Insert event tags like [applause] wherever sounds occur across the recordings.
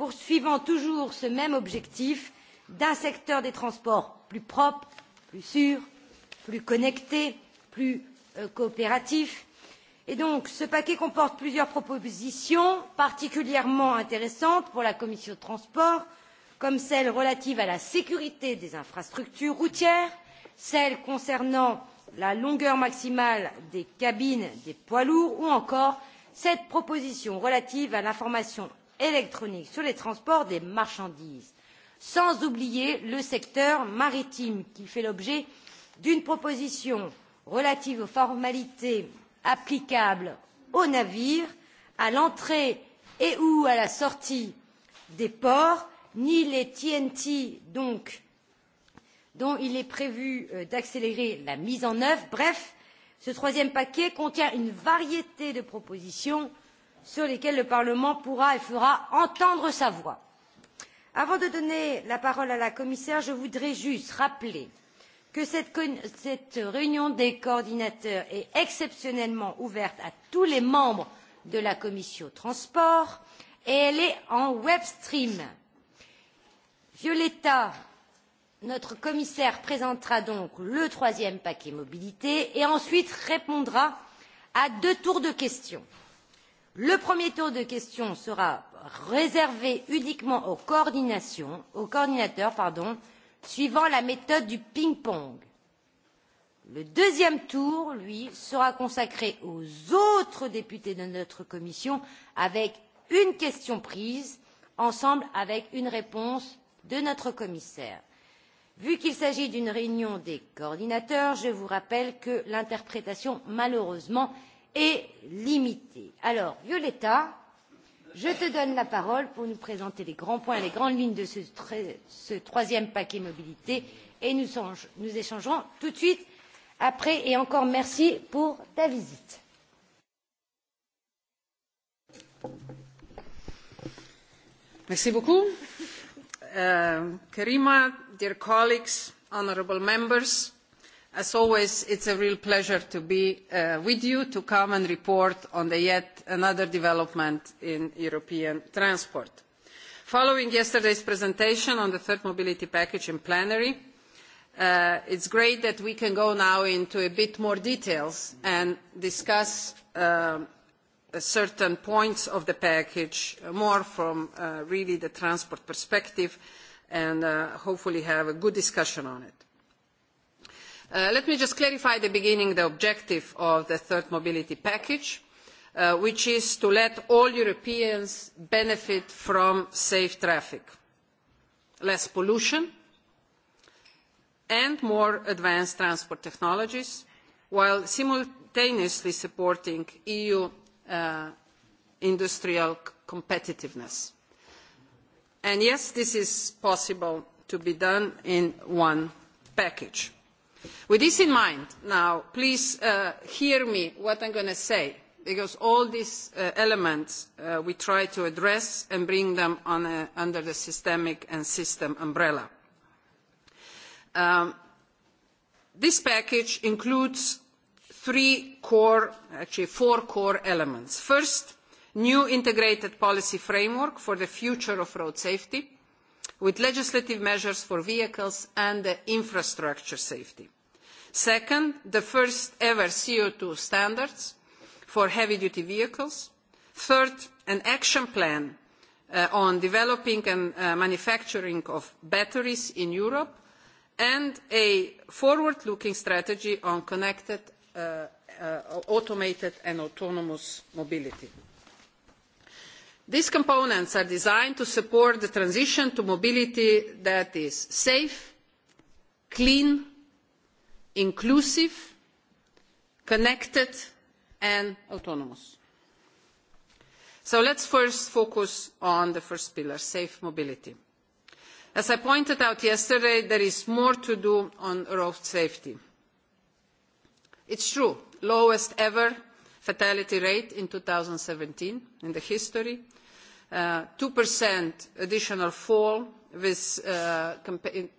poursuivant toujours ce même objectif d'un secteur des transports plus propre plus sûr plus connecté plus euh, coopératif. Et donc, ce paquet comporte plusieurs propositions particulièrement intéressantes pour la commission des transports comme celle relative à la sécurité des infrastructures routières celle concernant la longueur maximale des cabines des poids lourds ou encore cette proposition relative à l'information électronique sur les transports des marchandises sans oublier le secteur maritime qui fait l'objet d'une proposition relative aux formalités applicables aux navires à l'entrée et ou à la sortie des ports ni les tnt donc, dont il est prévu euh, d'accélérer la mise en œuvre. bref ce troisième paquet contient une variété de propositions sur lesquels le parlement pourra et fera entendre sa voix. avant de donner la parole à la commissaire je voudrais juste rappeler que cette, réunion des coordinateurs est exceptionnellement ouverte à tous les membres de la commission des transports et elle est en web stream. violeta notre commissaire présentera donc le troisième paquet mobilité et ensuite répondra à deux tours de questions le premier tour de questions sera réservé uniquement aux, coordinateurs suivant la méthode du ping pong. le deuxième tour lui sera consacré aux autres députés de notre commission avec une question prise ensemble avec une réponse de notre commissaire. vu qu'il s'agit d'une réunion des coordinateurs je vous rappelle que l'interprétation malheureusement est limité. alors violeta je te donne la parole pour nous présenter les grands points les grandes lignes de ce, troisième paquet mobilité et nous, nous échangerons tout de suite après et encore merci pour ta visite. Merci beaucoup. Uh, karima dear colleagues honourable members As always, it is a real pleasure to be uh, with you to come and report on yet another development in European transport. Following yesterday's presentation on the third mobility package in plenary, uh, it is great that we can go now into a bit more details and discuss uh, certain points of the package more from really the transport perspective and hopefully have a good discussion on it. Uh, let me just clarify at the beginning the objective of the third mobility package, uh, which is to let all Europeans benefit from safe traffic, less pollution and more advanced transport technologies, while simultaneously supporting EU uh, industrial competitiveness. And yes, this is possible to be done in one package With this in mind, now, please uh, hear me what I am going to say, because all these uh, elements uh, we try to address and bring them under the systemic and system umbrella. Um, this package includes three core, actually four core elements. First, new integrated policy framework for the future of road safety with legislative measures for vehicles and infrastructure safety. Second, the first ever co two standards for heavy-duty vehicles. Third, an action plan uh, on developing and uh, manufacturing of batteries in Europe and a forward-looking strategy on connected, uh, uh automated and autonomous mobility. These components are designed to support the transition to mobility that is safe, clean, inclusive, connected and autonomous. So let's first focus on the first pillar, safe mobility. As I pointed out yesterday, there is more to do on road safety. It is true, lowest ever fatality rate in seventeen in the history Uh, two 2% additional fall uh,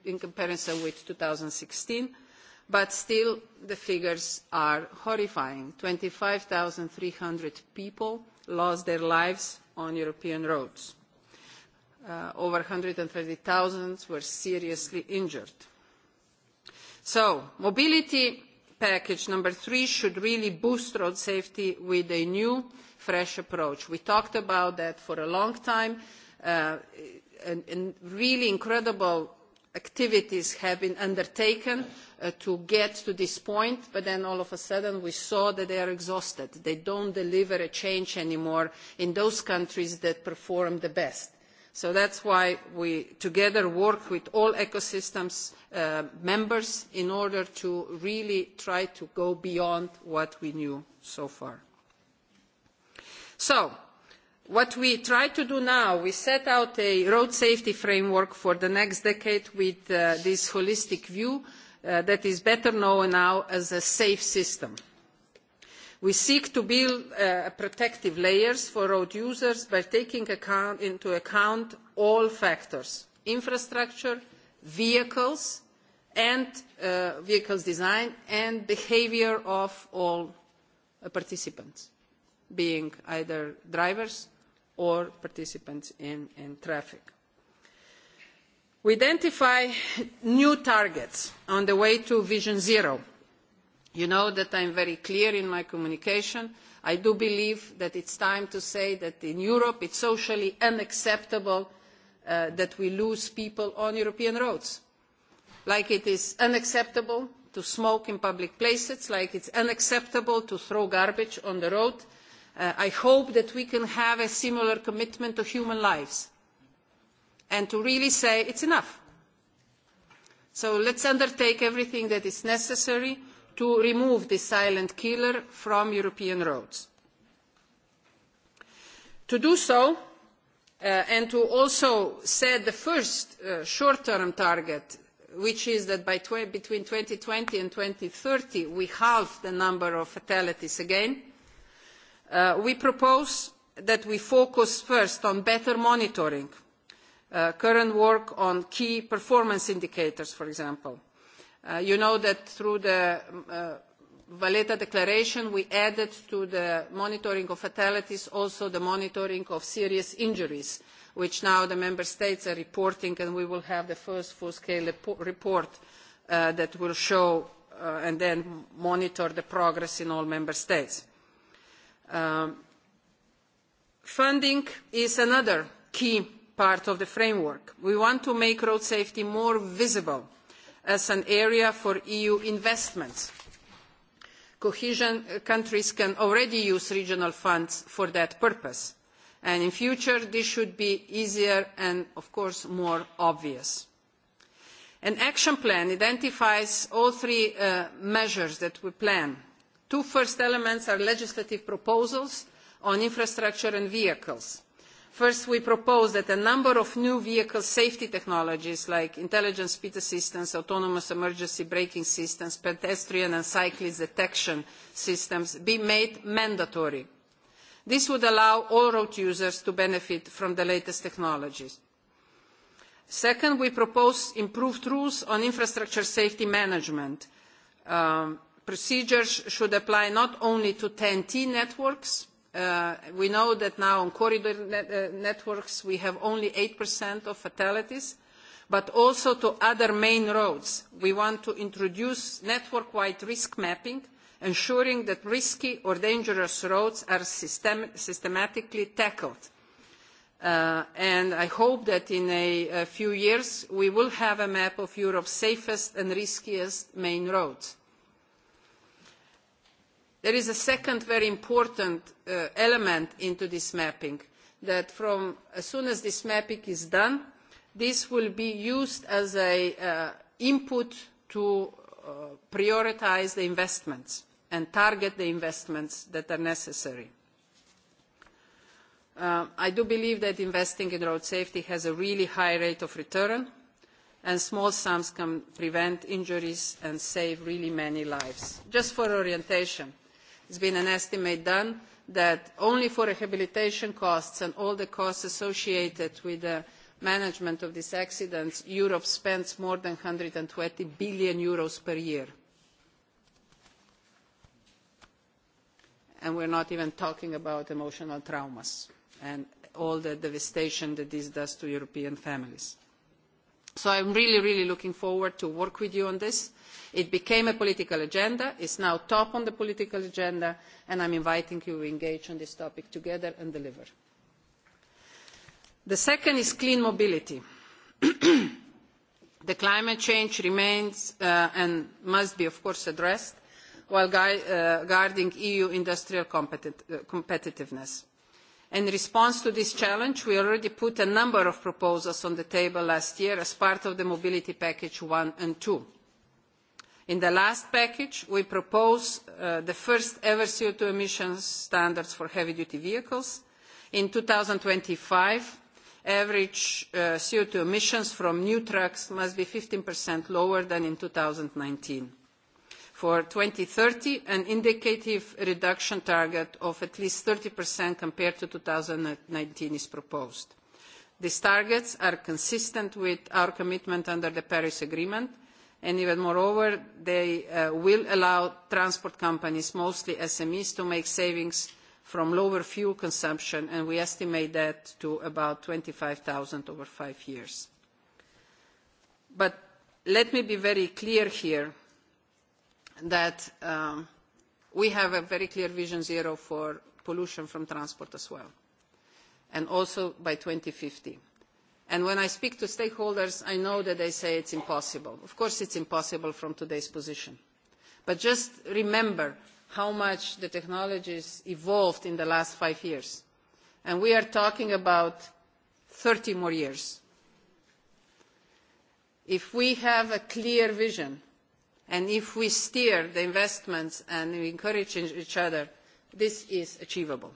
in, comparison with 2016, but still the figures are horrifying. 25,300 people lost their lives on European roads. and uh, over 130,000 were seriously injured. So, mobility package number three should really boost road safety with a new fresh approach. We talked about that for a long time. Uh, and, and really incredible activities have been undertaken uh, to get to this point, but then all of a sudden we saw that they are exhausted. They don't deliver a change anymore in those countries that perform the best. So that's why we together work with all ecosystems uh, members in order to really try to go beyond what we knew so far. So, what we try to do now, we set out a road safety framework for the next decade with uh, this holistic view uh, that is better known now as a safe system. We seek to build uh, protective layers for road users by taking account, into account all factors, infrastructure, vehicles, and uh, vehicles design, and behaviour of all uh, participants being either drivers or participants in, in traffic. We identify new targets on the way to Vision Zero. You know that I am very clear in my communication. I do believe that it is time to say that in Europe it is socially unacceptable uh, that we lose people on European roads. Like it is unacceptable to smoke in public places, like it is unacceptable to throw garbage on the road, Uh, I hope that we can have a similar commitment to human lives and to really say it's enough. So let's undertake everything that is necessary to remove this silent killer from European roads. To do so, uh, and to also set the first uh, short-term target, which is that by tw between 2020 and 2030 we halve the number of fatalities again, Uh, we propose that we focus first on better monitoring uh, current work on key performance indicators, for example. Uh, you know that through the Valletta Declaration, we added to the monitoring of fatalities also the monitoring of serious injuries, which now the member states are reporting, and we will have the first full-scale report that will show and then monitor the progress in all member states. Um, funding is another key part of the framework. We want to make road safety more visible as an area for EU investments. Cohesion uh, countries can already use regional funds for that purpose. And in future, this should be easier and, of course, more obvious. An action plan identifies all three uh, measures that we plan – two first elements are legislative proposals on infrastructure and vehicles. first we propose that a number of new vehicle safety technologies like intelligent speed assistance autonomous emergency braking systems pedestrian and cyclist detection systems be made mandatory. this would allow all road users to benefit from the latest technologies. second we propose improved rules on infrastructure safety management um, procedures should apply not only to ten t networks. Uh, we know that now on corridor net, uh, networks we have only 8% of fatalities, but also to other main roads. We want to introduce network-wide risk mapping, ensuring that risky or dangerous roads are system systematically tackled. Uh, and I hope that in a, a few years we will have a map of Europe's safest and riskiest main roads There is a second very important uh, element into this mapping, that from as soon as this mapping is done, this will be used as an uh, input to uh, prioritise the investments and target the investments that are necessary. Uh, I do believe that investing in road safety has a really high rate of return, and small sums can prevent injuries and save really many lives. Just for orientation, has been an estimate done that only for rehabilitation costs and all the costs associated with the management of these accidents, Europe spends more than EUR one hundred and twenty billion euros per year. And we're not even talking about emotional traumas and all the devastation that this does to European families so i am really really looking forward to working with you on this. it became a political agenda it is now top on the political agenda and i am inviting you to engage on this topic together and deliver. the second is clean mobility. [clears throat] the climate change remains uh, and must be of course addressed while gui uh, guarding eu industrial uh, competitiveness In response to this challenge, we already put a number of proposals on the table last year as part of the Mobility Package one and two. In the last package, we proposed uh, the first ever co two emissions standards for heavy-duty vehicles. In twenty five, average uh, co two emissions from new trucks must be 15% lower than in nineteen for thirty an indicative reduction target of at least thirty compared to nineteen is proposed. These targets are consistent with our commitment under the Paris Agreement, and even moreover, they uh, will allow transport companies, mostly SMEs, to make savings from lower fuel consumption, and we estimate that to about twenty five thousand over five years. But let me be very clear here that um, we have a very clear vision zero for pollution from transport as well, and also by 2050. And when I speak to stakeholders, I know that they say it's impossible. Of course, it's impossible from today's position. But just remember how much the technologies evolved in the last five years. And we are talking about 30 more years. If we have a clear vision and if we steer the investments and we encourage each other this is achievable.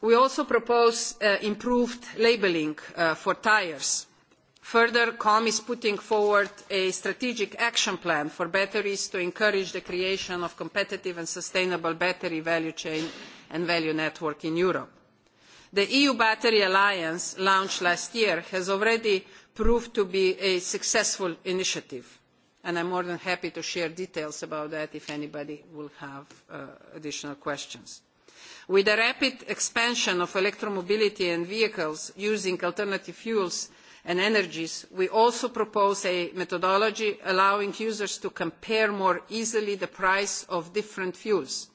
we also propose uh, improved labelling uh, for tyres. further com is putting forward a strategic action plan for batteries to encourage the creation of competitive and sustainable battery value chain and value network in europe the eu battery alliance launched last year has already proved to be a successful initiative and i am more than happy to share details about that if anybody will have uh, additional questions. with the rapid expansion of electromobility and vehicles using alternative fuels and energies we also propose a methodology allowing users to compare more easily the price of different fuels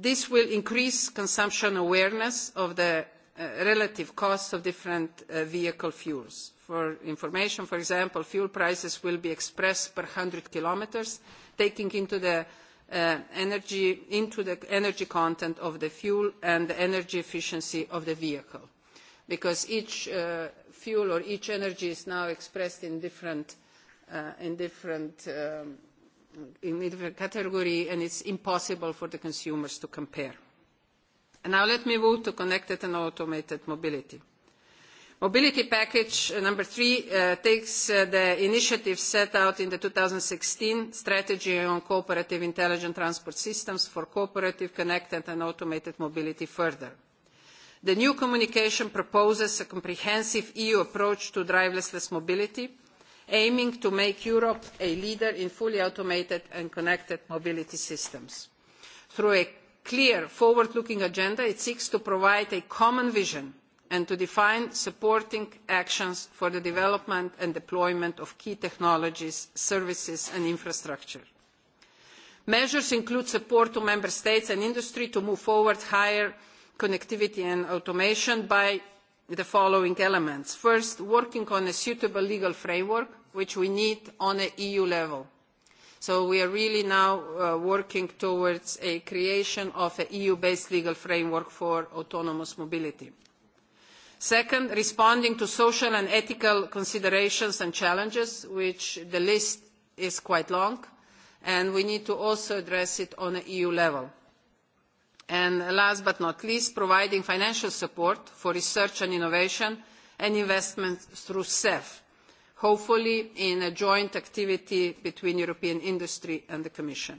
This will increase consumption awareness of the uh, relative costs of different uh, vehicle fuels. For information, for example, fuel prices will be expressed per hundred kilometres, taking into the Uh, energy into the energy content of the fuel and the energy efficiency of the vehicle because each uh, fuel or each energy is now expressed in different, uh, in different um, in either category, and it's impossible for the consumers to compare. now let me move to connected and automated mobility. Mobility package uh, number three uh, takes uh, the initiative set out in the 2016 strategy on cooperative intelligent transport systems for cooperative, connected and automated mobility further. The new communication proposes a comprehensive EU approach to driverless mobility, aiming to make Europe a leader in fully automated and connected mobility systems. Through a clear forward-looking agenda, it seeks to provide a common vision and to define supporting actions for the development and deployment of key technologies, services and infrastructure. Measures include support to Member States and industry to move forward higher connectivity and automation by the following elements. First, working on a suitable legal framework which we need on an EU level. So we are really now uh, working towards a creation of an EU-based legal framework for autonomous mobility. Second, responding to social and ethical considerations and challenges, which the list is quite long, and we need to also address it on an EU level. And last but not least, providing financial support for research and innovation and investment through CEF hopefully in a joint activity between European industry and the Commission.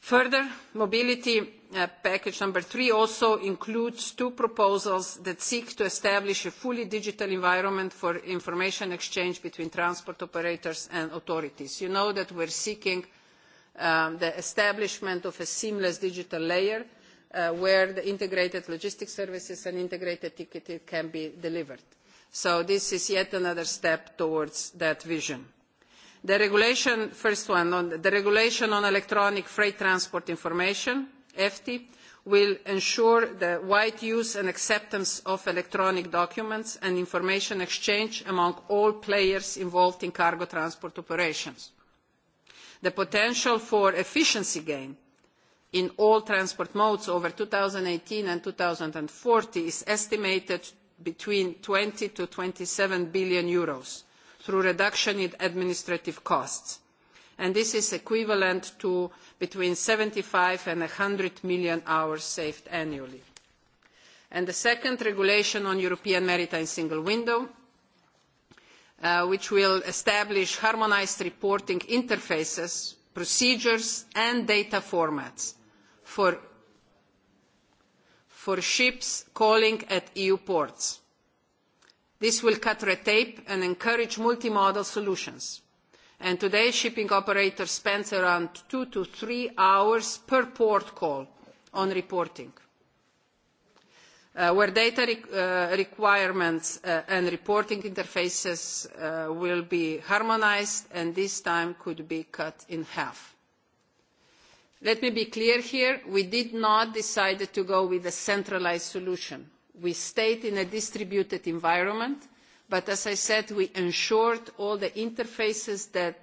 Further, mobility uh, package number three also includes two proposals that seek to establish a fully digital environment for information exchange between transport operators and authorities. You know that we are seeking um, the establishment of a seamless digital layer uh, where the integrated logistics services and integrated ticketing can be delivered so this is yet another step towards that vision. the regulation first one on the regulation on electronic freight transport information e will ensure the wide use and acceptance of electronic documents and information exchange among all players involved in cargo transport operations. the potential for efficiency gain in all transport modes over two thousand and eighteen and two thousand and forty is estimated between 20 to 27 billion euros through reduction in administrative costs. And this is equivalent to between 75 and 100 million hours saved annually. the second regulation on European Maritime Single Window uh, which will establish harmonised reporting interfaces, procedures and data formats for for ships calling at EU ports. This will cut red tape and encourage multimodal solutions. And today, shipping operators spend around two to three hours per port call on reporting. Uh, where data re uh, requirements uh, and reporting interfaces uh, will be harmonised and this time could be cut in half. Let me be clear here. We did not decide to go with a centralised solution. We stayed in a distributed environment, but as I said, we ensured all the interfaces that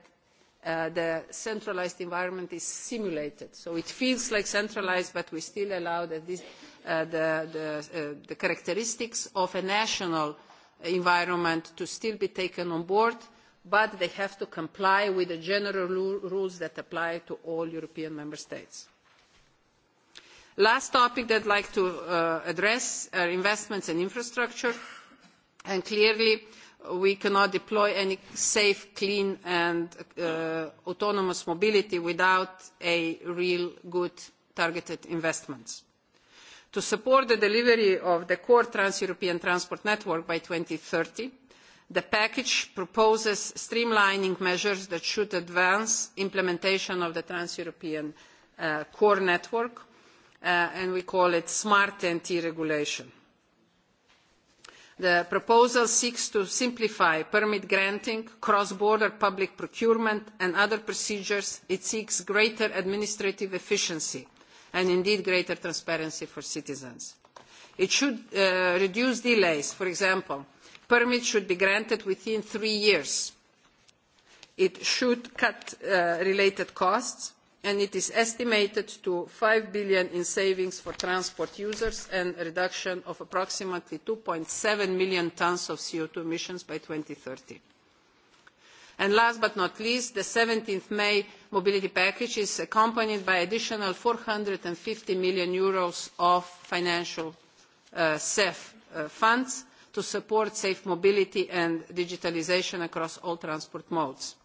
uh, the centralised environment is simulated. So it feels like centralised, but we still allow the, uh, uh, the characteristics of a national environment to still be taken on board but they have to comply with the general rules that apply to all European member states. The Last topic that would like to uh, address are investments in infrastructure. And clearly, we cannot deploy any safe, clean and uh, autonomous mobility without real good targeted investments. To support the delivery of the core trans-European transport network by thirty the package proposes streamlining measures that should advance implementation of the trans european uh, core network uh, and we call it smart nt regulation. the proposal seeks to simplify permit granting cross border public procurement and other procedures. it seeks greater administrative efficiency and indeed greater transparency for citizens. it should uh, reduce delays for example permit should be granted within three years. It should cut uh, related costs, and it is estimated to EUR five billion in savings for transport users and a reduction of approximately two seven million tonnes of co two emissions by. two thousand and thirty and last but not least the seventeen may mobility package is accompanied by an additional eur four hundred and fifty million Euros of financial uh, cef uh, funds to support safe mobility and digitalisation across all transport modes.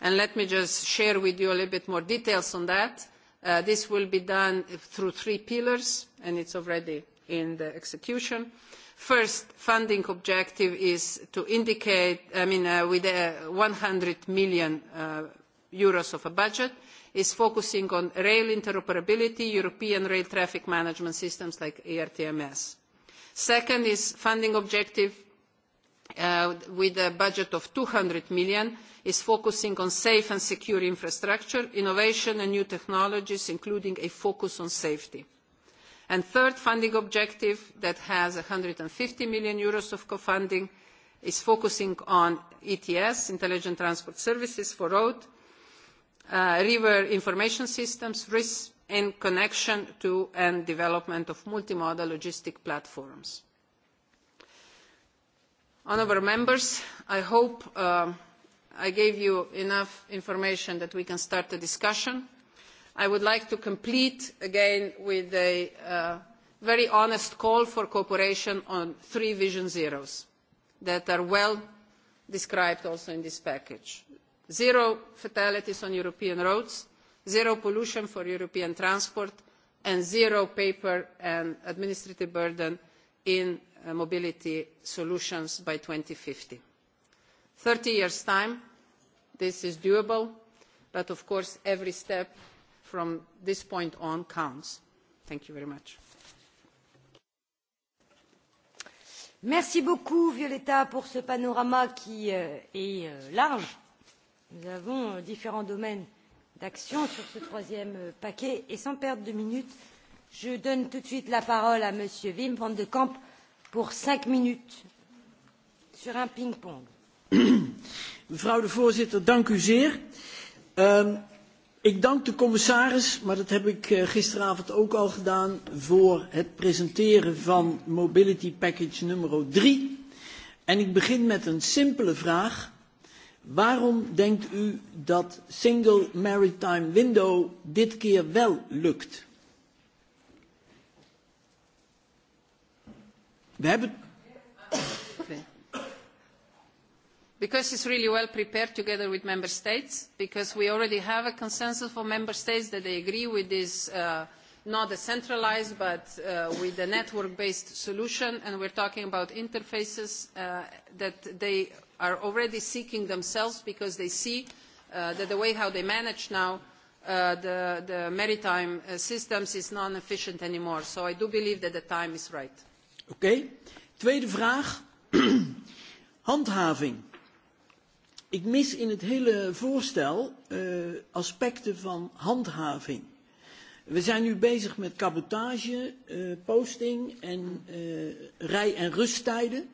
And let me just share with you a little bit more details on that. Uh, this will be done through three pillars, and it's already in the execution. First funding objective is to indicate, I mean, uh, with uh, 100 million uh, euros of a budget, is focusing on rail interoperability, European rail traffic management systems like ERTMS. Second is funding objective uh, with a budget of EUR two hundred million is focusing on safe and secure infrastructure, innovation and new technologies, including a focus on safety. And third funding objective that has EUR one hundred and fifty million of co-funding is focusing on ETS, Intelligent Transport Services for road, uh, river information systems, risk in connection to and development of multimodal logistic platforms. Honourable members, I hope uh, I gave you enough information that we can start the discussion. I would like to complete again with a uh, very honest call for cooperation on three vision zeros that are well described also in this package. Zero fatalities on European roads, zero pollution for European transport, and zero paper and administrative burden in uh, mobility solutions by fifty. Thirty years' time, this is doable, but of course every step from this point on counts. Thank you very much. Merci beaucoup, Violetta, pour ce panorama qui euh, est euh, large. Nous avons euh, différents domaines d'action sur ce troisième euh, paquet et sans perdre de minutes je donne tout de suite la parole à m. wim van de camp pour cinq minutes sur un ping pong. [coughs] mevrouw de voorzitter dank u zeer. Ehm, ik dank de commissaris maar dat heb ik eh, gisteravond ook al gedaan voor het presenteren van mobility package nummer drie en ik begin met een simpele vraag Waarom denkt u dat single maritime window dit keer wel lukt? We hebben because it's really well prepared together with member states because we already have a consensus for member states that they agree with this uh, not a centralised but uh, with a network based solution and we are talking about interfaces uh, that they are already seeking themselves because they see uh, that the way how they manage now uh, the, the, maritime uh, systems is non-efficient anymore. So I do believe that the time is right. Oké. Okay. Tweede vraag. [clears throat] Handhaving. Ik mis in het hele voorstel uh, aspecten van handhaving. We zijn nu bezig met cabotage, uh, posting en uh, rij- en rusttijden.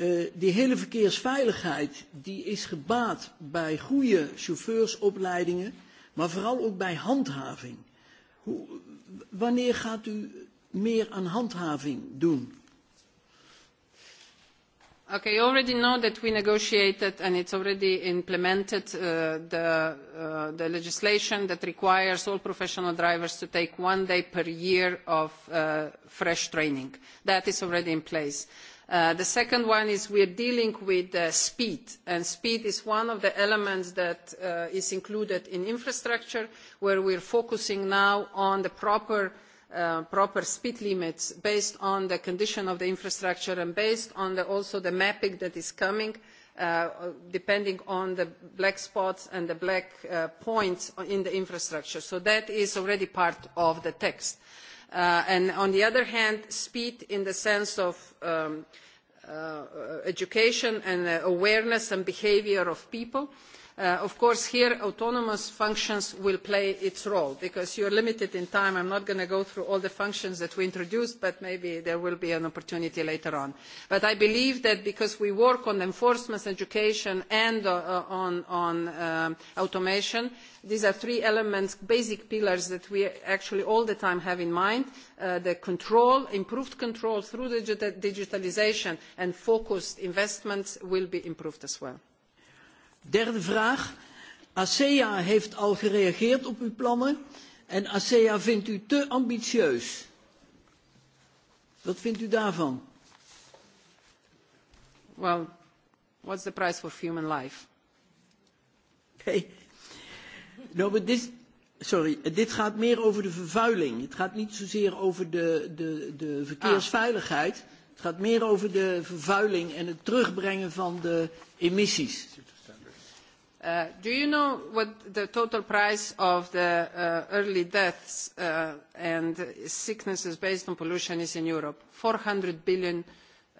Eh, die hele verkeersveiligheid die is gebaat bij goede chauffeursopleidingen, maar vooral ook bij handhaving. Hoe, wanneer gaat u meer aan handhaving doen? Okay, you already know that we negotiated and it's already implemented uh, the, uh, the legislation that requires all professional drivers to take one day per year of uh, fresh training. That is already in place Uh, the second one is we are dealing with uh, speed, and speed is one of the elements that uh, is included in infrastructure, where we are focusing now on the proper, speed limits based on the condition of the infrastructure and based on also the mapping that is coming, depending on the black spots and the black points in the infrastructure. So that is already part of the text. Uh, and on the other hand, speed in the sense of um, uh, uh education and uh, awareness and behaviour of people. Uh, Uh, of course here autonomous functions will play its role because you are limited in time i am not going to go through all the functions that we introduced but maybe there will be an opportunity later on but i believe that because we work on enforcement education and uh, uh, on, um, automation these are three elements basic pillars that we actually all the time have in mind the control improved control through digitalisation and focused investments will be improved as well Derde vraag. ASEA heeft al gereageerd op uw plannen en ASEA vindt u te ambitieus. Wat vindt u daarvan? Well, what's the price for human life? Okay. No, sorry, dit gaat meer over de vervuiling. Het gaat niet zozeer over de, de, de ah. verkeersveiligheid. Ah. Het gaat meer over de vervuiling en het terugbrengen van de emissies. Uh, do you know what the total price of the uh, early deaths uh, and sicknesses based on pollution is in Europe? 400 billion,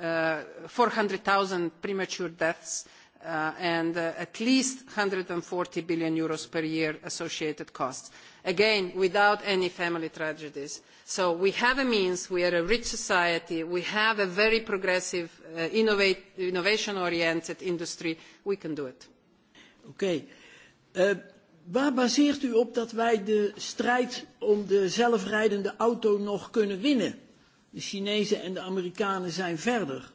uh, 400,000 premature deaths uh, and uh, at least 140 billion euros per year associated costs. Again, without any family tragedies. So we have a means, we are a rich society, we have a very progressive, uh, innovation-oriented industry, we can do it. Oké. Okay. Uh, eh, waar baseert u op dat wij de strijd om de zelfrijdende auto nog kunnen winnen? De Chinezen en de Amerikanen zijn verder.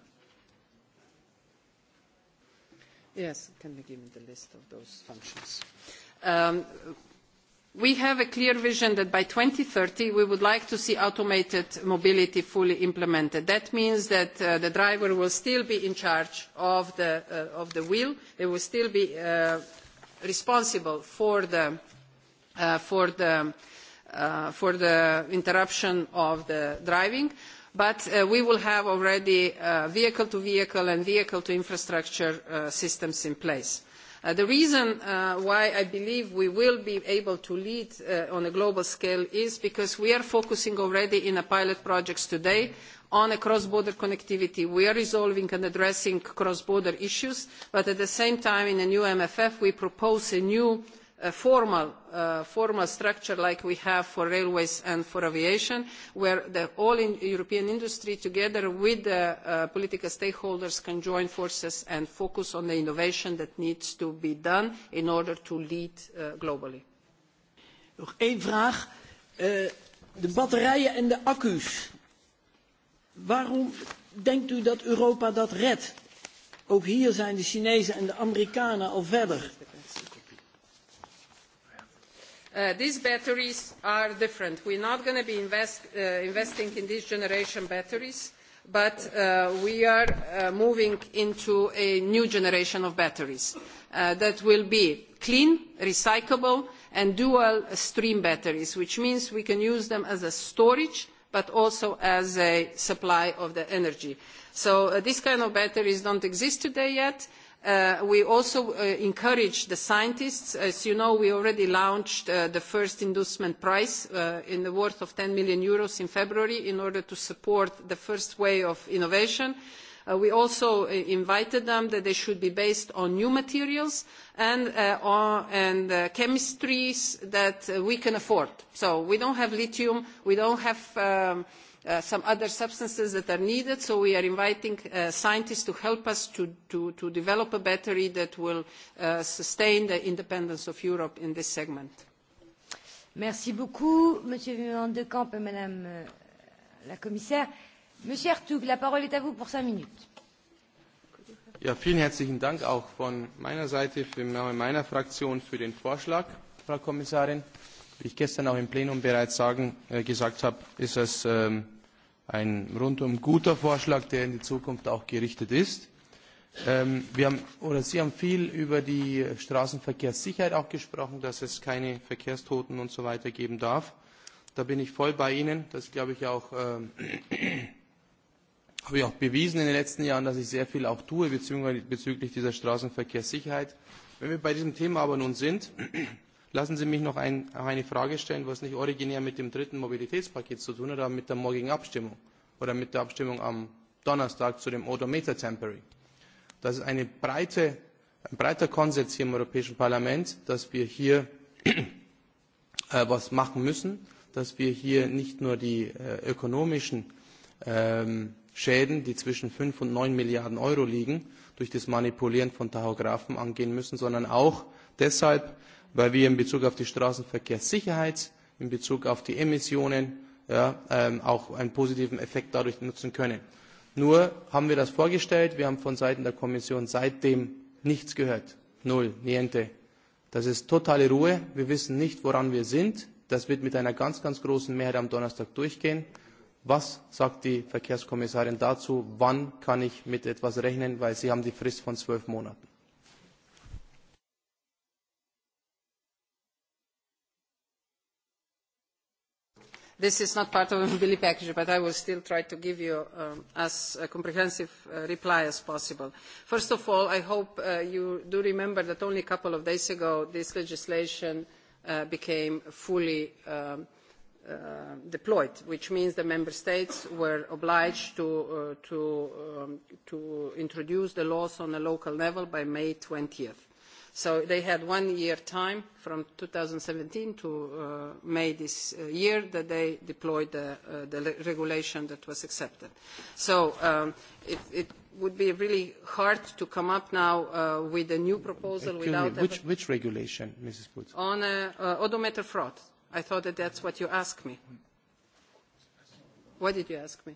Yes, can we give me the list of those functions? Um, we have a clear vision that by two thousand and thirty we would like to see automated mobility fully implemented. that means that uh, the driver will still be in charge of the, uh, wheel they will still be uh, responsible for the, for the interruption of the driving but uh, we will have already uh, vehicle to vehicle and vehicle to infrastructure uh, systems in place. the reason why I believe we will be able to lead on a global scale is because we are focusing already in pilot projects today on cross-border connectivity. We are resolving and addressing cross-border issues, but at the same time in the new MFF we propose a new a formal, uh, formal structure like we have for railways and for aviation, where the all in European industry together with the uh, political stakeholders can join forces and focus on the innovation that needs to be done in order to lead uh, globally. Nog één vraag. Uh, de batterijen en de accu's. Waarom denkt u dat Europa dat redt? Ook hier zijn de Chinezen en de Amerikanen al verder. Uh, these batteries are different. We are not going to be uh, investing in this generation batteries, but uh, we are moving into a new generation of batteries that will be clean, recyclable, and dual stream batteries, which means we can use them as a storage but also as a supply of the energy. So these kind of batteries do not exist today yet Uh, we also uh, encourage the scientists. As you know, we already launched uh, the first inducement prize uh, in the worth of EUR ten million Euros in February in order to support the first wave of innovation. Uh, we also uh, invited them that they should be based on new materials and, on, and chemistries that we can afford. So we don't have lithium, we don't have um, Uh, some other substances that are needed. So we are inviting uh, scientists to help us to, to, to, develop a battery that will uh, sustain the independence of Europe in this segment. Merci beaucoup, Monsieur Van de Camp et Madame euh, la Commissaire. Monsieur la parole est à vous pour cinq minutes. Ja, vielen herzlichen Dank auch von meiner Seite im Namen meiner Fraktion für den Vorschlag, Frau Kommissarin. Wie ich gestern auch im Plenum bereits sagen, äh, gesagt habe, ist es ähm, ein rundum guter Vorschlag, der in die Zukunft auch gerichtet ist. Ähm, wir haben, oder Sie haben viel über die Straßenverkehrssicherheit auch gesprochen, dass es keine Verkehrstoten und so weiter geben darf. Da bin ich voll bei Ihnen. Das glaube ich auch, äh, habe ich auch bewiesen in den letzten Jahren, dass ich sehr viel auch tue bezüglich dieser Straßenverkehrssicherheit. Wenn wir bei diesem Thema aber nun sind, Lassen Sie mich noch, ein, eine Frage stellen, was nicht originär mit dem dritten Mobilitätspaket zu tun hat, aber mit der morgigen Abstimmung oder mit der Abstimmung am Donnerstag zu dem Odometer Temporary. Das ist eine breite, ein breiter Konsens hier im Europäischen Parlament, dass wir hier etwas äh, machen müssen, dass wir hier nicht nur die äh, ökonomischen ähm, Schäden, die zwischen fünf und neun Milliarden Euro liegen, durch das Manipulieren von Tachografen angehen müssen, sondern auch deshalb, weil wir in Bezug auf die Straßenverkehrssicherheit, in Bezug auf die Emissionen ja, ähm, auch einen positiven Effekt dadurch nutzen können. Nur haben wir das vorgestellt, wir haben von Seiten der Kommission seitdem nichts gehört. Null, niente. Das ist totale Ruhe. Wir wissen nicht, woran wir sind. Das wird mit einer ganz, ganz großen Mehrheit am Donnerstag durchgehen. Was sagt die Verkehrskommissarin dazu? Wann kann ich mit etwas rechnen? Denn Sie haben die Frist von zwölf Monaten. This is not part of the mobility package, but I will still try to give you um, as a uh, comprehensive uh, reply as possible. First of all, I hope uh, you do remember that only a couple of days ago this legislation uh, became fully um, uh, deployed, which means the member states were obliged to, uh, to, um, to introduce the laws on a local level by May 20th so they had one year time from seventeen to uh, May this uh, year that they deployed the, uh, the regulation that was accepted. So um, it, it would be really hard to come up now uh, with a new proposal Excuse without... Me, which, which regulation, Mrs. Putz? On uh, uh, odometer fraud. I thought that that's what you asked me. What did you ask me?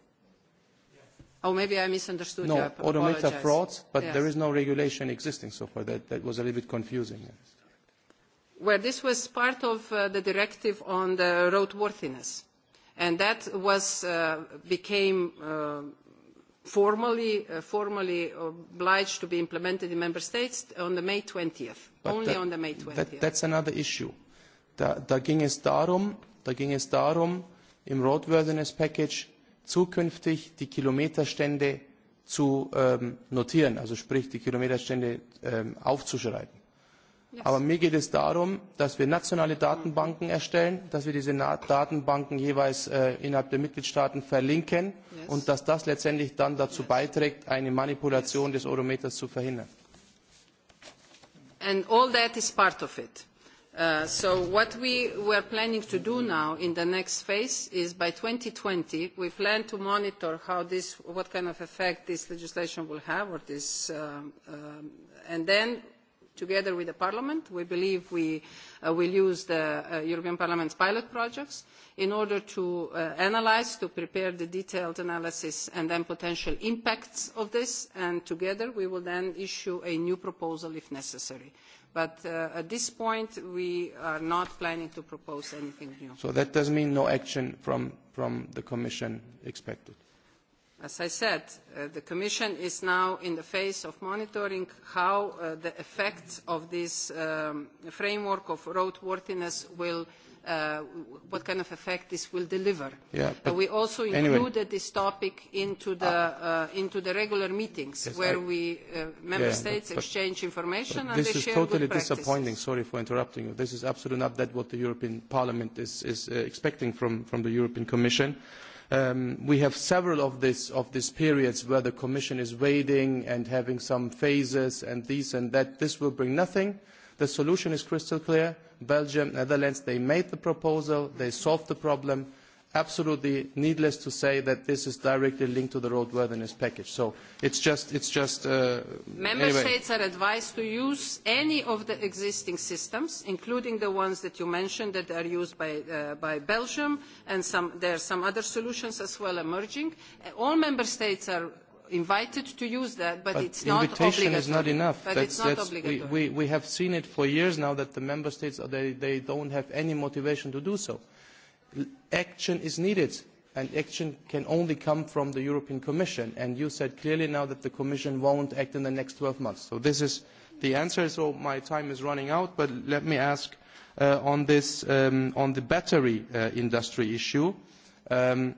Oh, maybe I misunderstood no, you. No, odometer frauds, but yes. there is no regulation existing so far. That, that was a little bit confusing. Well, this was part of uh, the directive on the roadworthiness, and that was uh, became uh, formally, uh, formally obliged to be implemented in member states on the May 20th, but only that, on the May 20th. That, that's another issue. Da, da ging es darum, da ging es darum im Roadworthiness Package zukünftig die Kilometerstände zu ähm, notieren, also sprich die Kilometerstände ähm, aufzuschreiben. Yes. Aber mir geht es darum, dass wir nationale Datenbanken erstellen, dass wir diese Na Datenbanken jeweils äh, innerhalb der Mitgliedstaaten verlinken yes. und dass das letztendlich dann dazu yes. beiträgt, eine Manipulation des Eurometers zu verhindern. And all that is part of it. Uh, so what we were planning to do now in the next phase is by twenty we plan to monitor how this, what kind of effect this legislation will have, or this, um, um, and then together with the Parliament, we believe we uh, will use the uh, European Parliament's pilot projects in order to analyse, to prepare the detailed analysis and then potential impacts of this, and together we will then issue a new proposal if necessary. But uh, at this point, we are not planning to propose anything new. So that does mean no action from, from the Commission expected? As I said, uh, the Commission is now in the phase of monitoring how uh, the effects of this um, framework of roadworthiness will uh, what kind of effect this will deliver. Yeah, uh, we also included anyway. this topic into the, uh, into the regular meetings yes, where I, we, uh, member yeah, states but, but, exchange information and they this is totally good disappointing. Sorry for interrupting you. This is absolutely not that what the European Parliament is, is uh, expecting from, from the European Commission. Um, we have several of, this, of these periods where the Commission is waiting and having some phases and this and that. This will bring nothing the solution is crystal clear belgium the netherlands they made the proposal they solved the problem absolutely needless to say that this is directly linked to the roadworthiness package. So it's just, it's just. Uh, Member anyway. states are advised to use any of the existing systems, including the ones that you mentioned that are used by, uh, by Belgium, and some, there are some other solutions as well emerging. All member states are invited to use that, but, but it's not obligatory. invitation is not enough. But that's, it's not that's, obligatory. We, we, we have seen it for years now that the member states, uh, they, they don't have any motivation to do so. Action is needed, and action can only come from the European Commission. And you said clearly now that the Commission won't act in the next 12 months. So this is the answer. So my time is running out, but let me ask uh, on, this, um, on the battery uh, industry issue. Um,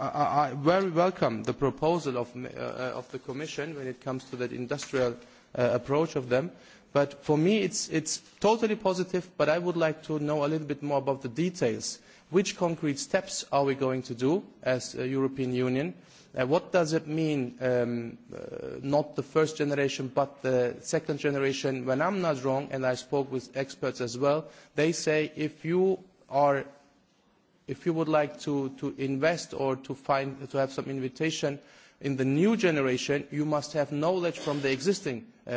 i, I very welcome the proposal of, uh, uh, of the Commission when it comes to that industrial uh, approach of them. But for me, it's, it's totally positive, but I would like to know a little bit more about the details. Which concrete steps are we going to do as a European Union? Uh, what does it mean, um, uh, not the first generation, but the second generation? When I'm not wrong, and I spoke with experts as well, they say if you are if you would like to, to invest or to, find, to have some invitation in the new generation, you must have knowledge from the existing uh, uh,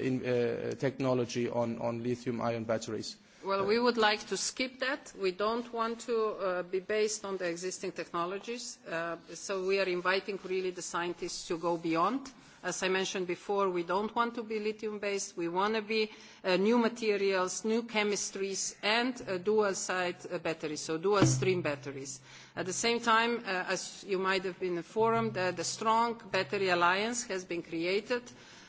in, uh, technology on, on lithium-ion batteries. Well, we would like to skip that. We don't want to uh, be based on the existing technologies. Uh, so we are inviting really the scientists to go beyond As I mentioned before, we don't want to be lithium-based. We want to be uh, new materials, new chemistries, and uh, dual-side uh, batteries, so dual-stream batteries. At the same time, uh, as you might have been informed, uh, the Strong Battery Alliance has been created.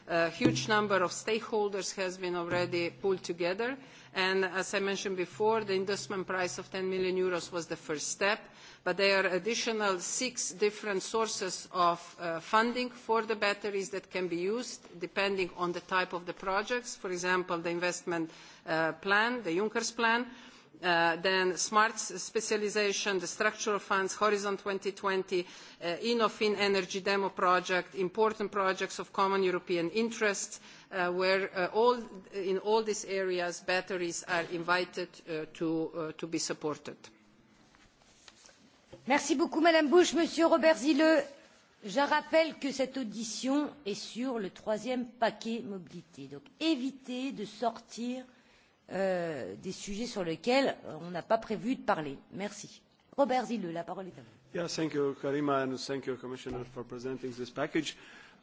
A huge number of stakeholders has been already pulled together And as I mentioned before, the investment price of 10 million euros was the first step, but there are additional six different sources of uh, funding for the batteries that can be used depending on the type of the projects. For example, the investment uh, plan, the Juncker's plan, uh, then smart specialisation, the structural funds, Horizon 2020, twenty, Enofin energy demo project, important projects of common European interest, Uh, where uh, all, in all these areas batteries are invited uh, to, uh, to, be supported. Merci beaucoup Madame Bush, Monsieur Robert Zille. Je rappelle que cette audition est sur le troisième paquet mobilité. Donc évitez de sortir euh, des sujets sur lesquels on n'a pas prévu de parler. Merci. Robert Zille, la parole est à vous. Yeah,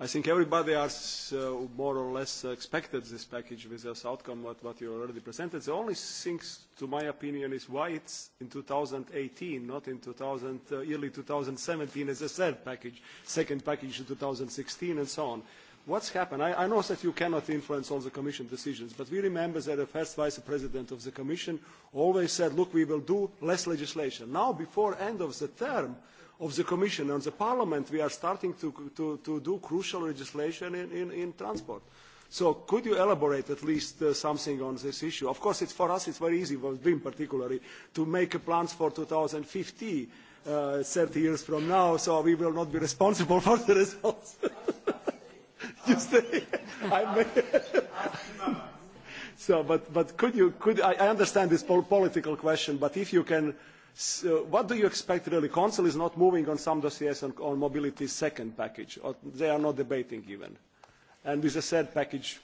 i think everybody has uh, more or less expected this package with this outcome, what, what you already presented. The only thing, to my opinion, is why it's in 2018, not in 2000, uh, early 2017 as a third package, second package in 2016, and so on. What's happened? I, I know that you cannot influence all the Commission decisions, but we remember that the first Vice President of the Commission always said, look, we will do less legislation. Now, before end of the term, of the Commission and the Parliament, we are starting to, to, to do crucial legislation in, in, in transport. So could you elaborate at least uh, something on this issue? Of course, it's, for us it's very easy, for BIM particularly, to make plans for 2050, uh, 30 years from now, so we will not be responsible [laughs] for the results. [laughs] you stay. [laughs] I may. so, but, but could you, could, I, I understand this political question, but if you can so uh, what do you expect really? Council is not moving on some dossiers on, on mobility second package. Or they are not debating even. And with the third package,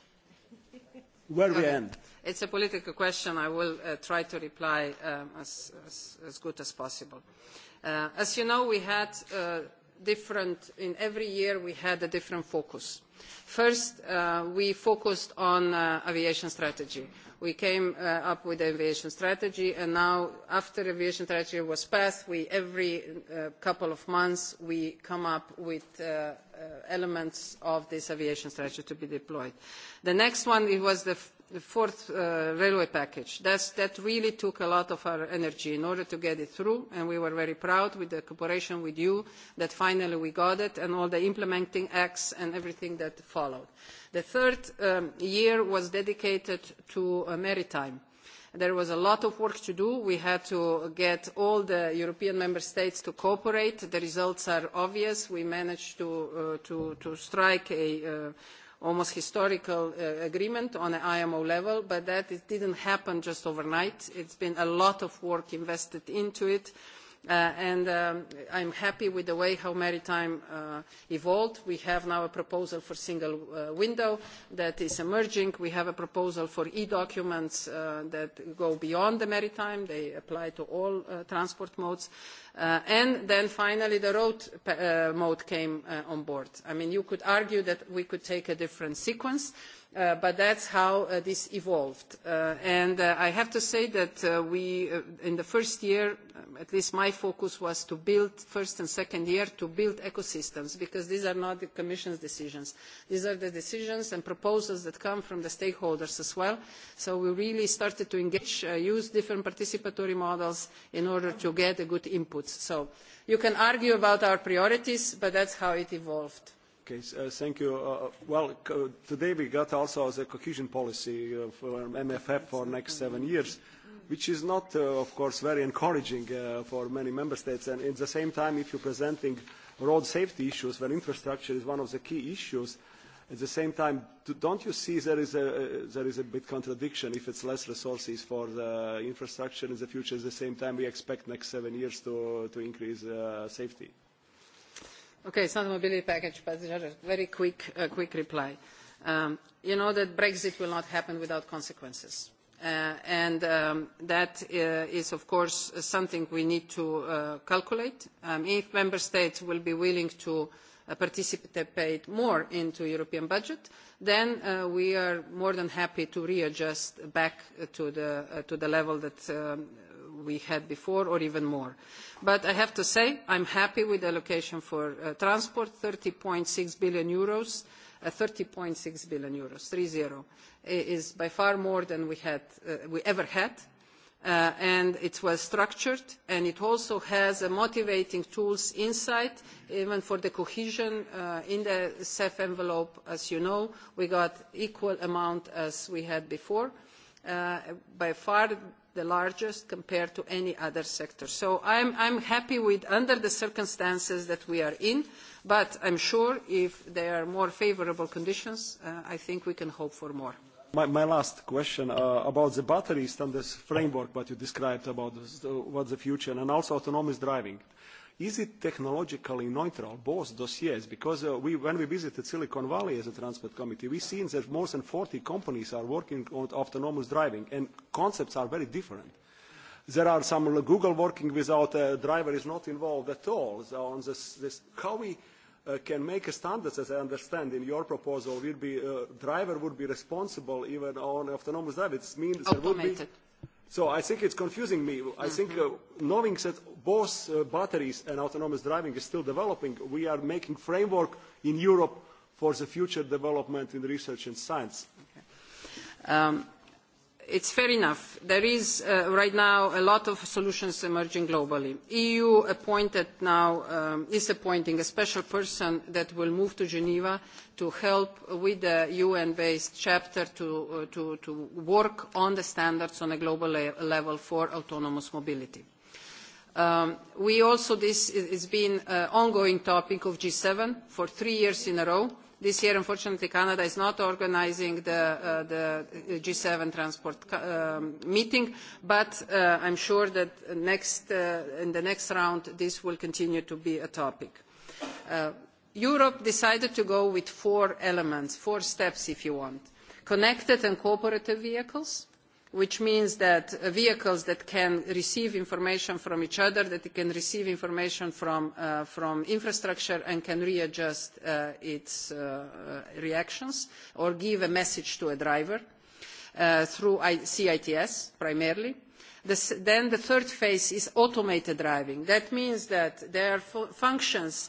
where okay. we end? [laughs] It's a political question. I will uh, try to reply um, as, as, as good as possible. Uh, as you know, we had uh, different, in every year we had a different focus. First, uh, we focused on uh, aviation strategy we came uh, up with the aviation strategy and now after the aviation strategy was passed we, every uh, couple of months we come up with uh, uh, elements of this aviation strategy to be deployed. the next one was the the fourth uh, railway package. That's, that really took a lot of our energy in order to get it through, and we were very proud with the cooperation with you that finally we got it, and all the implementing acts and everything that followed. The third um, year was dedicated to uh, maritime. There was a lot of work to do. We had to get all the European member states to cooperate. The results are obvious. We managed to, uh, to, to strike a uh, almost historical uh, agreement on an IMO level, but that it didn't happen just overnight. It's been a lot of work invested into it. Uh, and um, I'm happy with the way how maritime uh, evolved. We have now a proposal for single uh, window that is emerging. We have a proposal for e-documents uh, that go beyond the maritime. They apply to all uh, transport modes. Uh, and then finally the road mode came on board. I mean, you could argue that we could take a different sequence But uh, but that's how uh, this evolved. Uh, and uh, I have to say that uh, we, in the first year, at least my focus was to build, first and second year, to build ecosystems, because these are not the Commission's decisions. These are the decisions and proposals that come from the stakeholders as well. So we really started to engage, use different participatory models in order to get a good input. So you can argue about our priorities, but that's how it evolved. Okay, uh, thank you. Uh, uh well, uh, today we got also the cohesion policy for uh, MFF for next seven years, which is not, of course, very encouraging for many member states. And at the same time, if you're presenting road safety issues where infrastructure is one of the key issues, at the same time, don't you see there is a, there is a bit contradiction if it's less resources for the infrastructure in the future, at the same time we expect next seven years to, to increase safety? Okay, it's not a mobility package, but just a very quick, uh, quick reply. Um, you know that Brexit will not happen without consequences. Uh, and um, that uh, is, of course, something we need to uh, calculate. Um, if member states will be willing to uh, participate more in the European budget, then uh, we are more than happy to readjust back to the, to the level that um, we had before or even more. But I have to say I am happy with the allocation for uh, transport, 30.6 billion euros, uh, 30.6 billion euros, 3 is by far more than we, had, uh, we ever had. Uh, and it was structured and it also has motivating tools inside even for the cohesion uh, in the cef envelope as you know we got equal amount as we had before uh, by far the largest compared to any other sector. So I am happy with, under the circumstances that we are in, but I am sure if there are more favourable conditions, uh, I think we can hope for more. My, my last question uh, about the batteries and this framework that you described about what the future and also autonomous driving Is it technologically neutral, both dossiers? Because uh, we, when we visited Silicon Valley as a transport committee, we've seen that more than 40 companies are working on autonomous driving, and concepts are very different. There are some like Google working without a driver is not involved at all. So on this, this, how we uh, can make a standard, as I understand in your proposal, will be uh, driver would be responsible even on autonomous driving. It means there would be so I think it's confusing me. I think mm-hmm. uh, knowing that both uh, batteries and autonomous driving is still developing, we are making framework in Europe for the future development in research and science. Okay. Um, it's fair enough. There is uh, right now a lot of solutions emerging globally. The EU appointed now, um, is appointing a special person that will move to Geneva to help with the UN-based chapter to, uh, to, to, work on the standards on a global level for autonomous mobility. Um, we also, this has been an uh, ongoing topic of G seven for three years in a row This year, unfortunately, Canada is not organising the, uh, the G7 transport um, meeting, but uh, I'm sure that next, uh, in the next round, this will continue to be a topic. Uh, Europe decided to go with four elements, four steps, if you want. Connected and cooperative vehicles, which means that uh, vehicles that can receive information from each other, that it can receive information from, uh, from infrastructure and can readjust uh, its uh, uh reactions or give a message to a driver uh, through CITS primarily. then the third phase is automated driving. That means that there are functions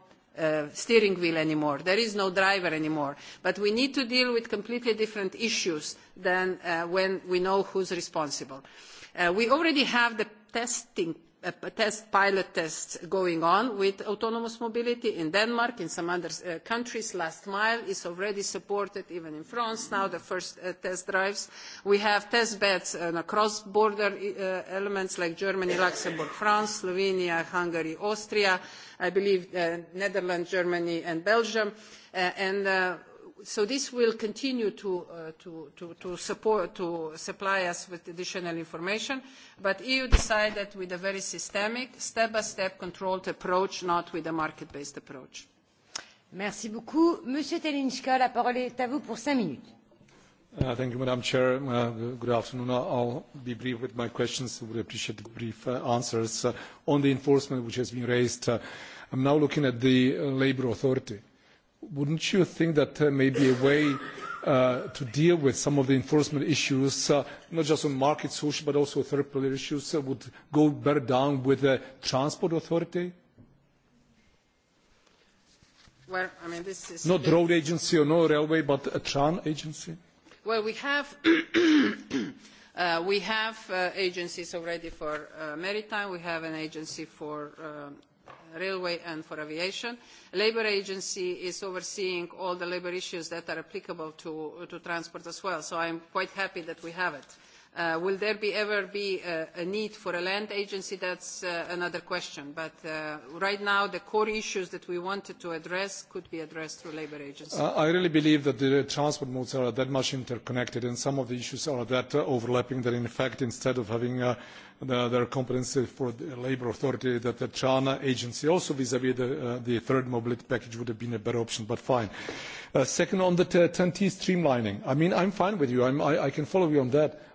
Uh, steering wheel anymore. There is no driver anymore. But we need to deal with completely different issues than uh, when we know who's responsible. Uh, we already have the testing test, pilot tests going on with autonomous mobility in Denmark, in some other uh, countries. Last mile is already supported, even in France now, the first uh, test drives. We have test beds on cross-border e, uh, elements like Germany, Luxembourg, France, Slovenia, Hungary, Austria, I believe Netherlands, Germany and Belgium. and so this will continue to, uh, to, to, to, support, to supply us with additional information, but EU decided with a very systemic, step-by-step controlled approach, not with a market-based approach. Merci beaucoup. Monsieur Telinska, la parole est à vous pour cinq minutes. Uh, thank you, Madam Chair. Uh, good afternoon. I'll be brief with my questions. I would appreciate the brief uh, answers. Uh, on the enforcement which has been raised, uh, I'm now looking at the uh, Labour Authority wouldn't you think that there uh, may be a way uh, to deal with some of the enforcement issues, uh, not just on market social, but also third pillar issues, uh, would go better down with the transport authority? Well, I mean, this is not road agency or no railway, but a tram agency. Well, we have [coughs] uh, we have uh, agencies already for uh, maritime. We have an agency for um, railway and for aviation. The Labour Agency is overseeing all the labour issues that are applicable to, to transport as well, so I am quite happy that we have it. Uh, will there be ever be a, uh, a need for a land agency? That's uh, another question. But uh, right now, the core issues that we wanted to address could be addressed through labour agencies. Uh, I really believe that the transport modes are that much interconnected, and some of the issues are that uh, overlapping that, in fact, instead of having uh, the, their competency for the labour authority, that the China agency also vis-à-vis -vis the, uh, the third mobility package would have been a better option, but fine. Uh, second, on the uh, ten t streamlining, I mean, I'm fine with you. I'm, I, I can follow you on that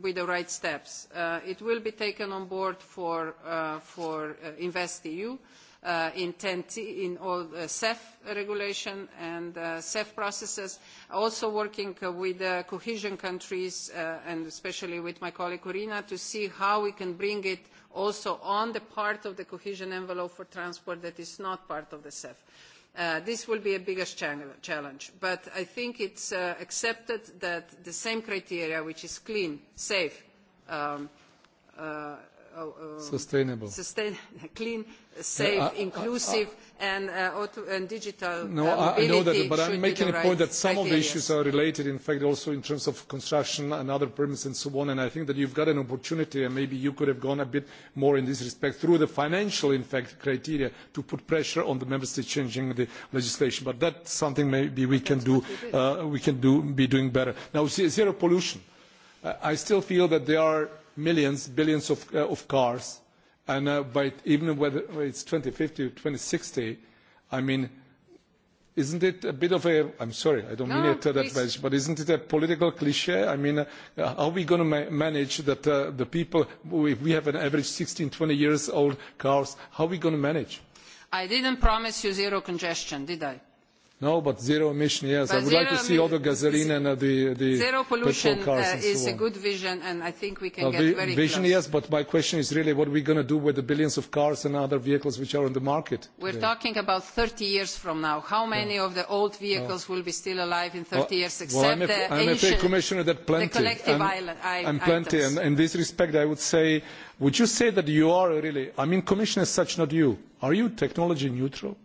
with the right steps. Uh, it will be taken on board for, uh, for uh, InvestEU uh, in, 10T, in all the uh, CEF regulation and uh, CEF processes, also working uh, with the uh, cohesion countries uh, and especially with my colleague Corina to see how we can bring it also on the part of the cohesion envelope for transport that is not part of the CEF. Uh, this will be a biggest challenge, but I think it's uh, accepted that the same criteria, which is clean, safe, um, uh, uh, sustainable, sustain, [laughs] clean, no, safe, inclusive, and, uh, auto, and digital. No, uh, I know that, but I'm making a right point that some criteria. of the issues are related, in fact, also in terms of construction and other permits and so on. And I think that you've got an opportunity, and maybe you could have gone a bit more in this respect through the financial, in fact, criteria to put pressure on the member states changing the legislation. But that's something maybe we can do. uh we can do, be doing better. Now, zero pollution. I still feel that there are millions, billions of, uh, of cars, and uh, by even whether it's 2050 or 2060, I mean, isn't it a bit of a, I'm sorry, I don't no, mean it uh, that please. much, but isn't it a political cliche? I mean, uh, are uh, we going to ma manage that uh, the people, if we have an average 16, 20 years old cars, how are we going to manage? I didn't promise you zero congestion, did I? No, but zero emission, yes. But I would like to see all the gasoline and uh, the, the zero pollution petrol cars uh, is and so on. a good vision, and I think we can uh, get vi very Vision, close. yes, but my question is really what are we going to do with the billions of cars and other vehicles which are on the market? We're today? talking about 30 years from now. How many yeah. of the old vehicles yeah. will be still alive in 30 well, years, except well, I'm a, the I'm ancient, a commissioner that plenty. The collective and, island, I, and plenty. And in this respect, I would say, would you say that you are really, I mean, commissioner, such not you, are you technology neutral?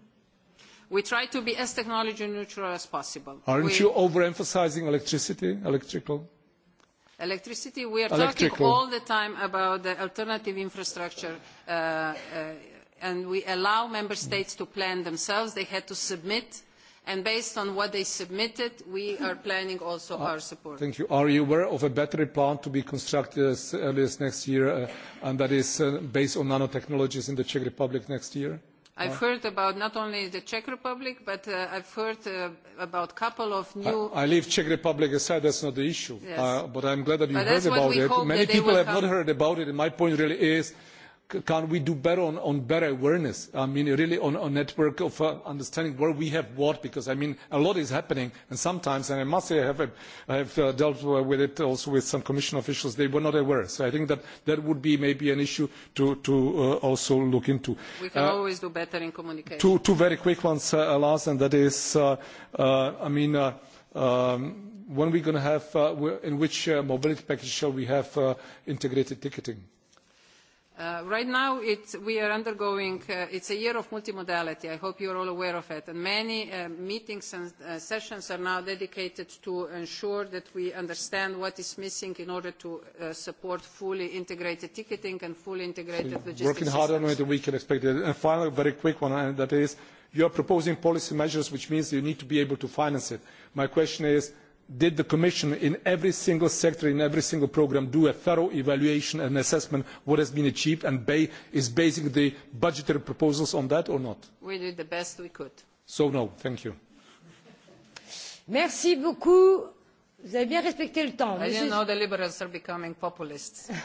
We try to be as technology neutral as possible. Aren't we, you overemphasizing electricity, electrical? Electricity, we are electrical. talking all the time about the alternative infrastructure uh, uh, and we allow member states to plan themselves. They had to submit and based on what they submitted, we are planning also uh, our support. Thank you. Are you aware of a battery plant to be constructed as early as next year uh, and that is uh, based on nanotechnologies in the Czech Republic next year? I've heard about not only the Czech Republic, but uh, I've heard uh, about a couple of new... I, I leave Czech Republic aside, that's not the issue. Yes. Uh, but I'm glad that you but heard about it. Many people have come... not heard about it, and my point really is can we do better on, on better awareness? I mean, really on a network of uh, understanding where we have what, because I mean, a lot is happening, and sometimes, and I must say, I have, uh, I have uh, dealt uh, with it also with some commission officials, they were not aware. So I think that that would be maybe an issue to, to uh, also look into. We can uh, always do better in communication. Two, two very quick ones, uh, last, and that is, I mean, um, when are we going to have, in which mobility package shall we have integrated ticketing? Uh, right now, we are undergoing, uh, it's a year of multimodality. I hope you are all aware of it. And many uh, meetings and uh, sessions are now dedicated to ensure that we understand what is missing in order to uh, support fully integrated ticketing and fully integrated so logistics. Working hard on it, we can expect And finally, very quick one, and uh, that is, you are proposing policy measures, which means you need to be able to finance it. My question is, did the commission in every single sector in every single programme do a thorough evaluation and assessment of what has been achieved and is basing the budgetary proposals on that or not? we did the best we could. so no thank you. merci beaucoup. vous avez bien respecté le temps. i didn't know the liberals are becoming populists. [laughs]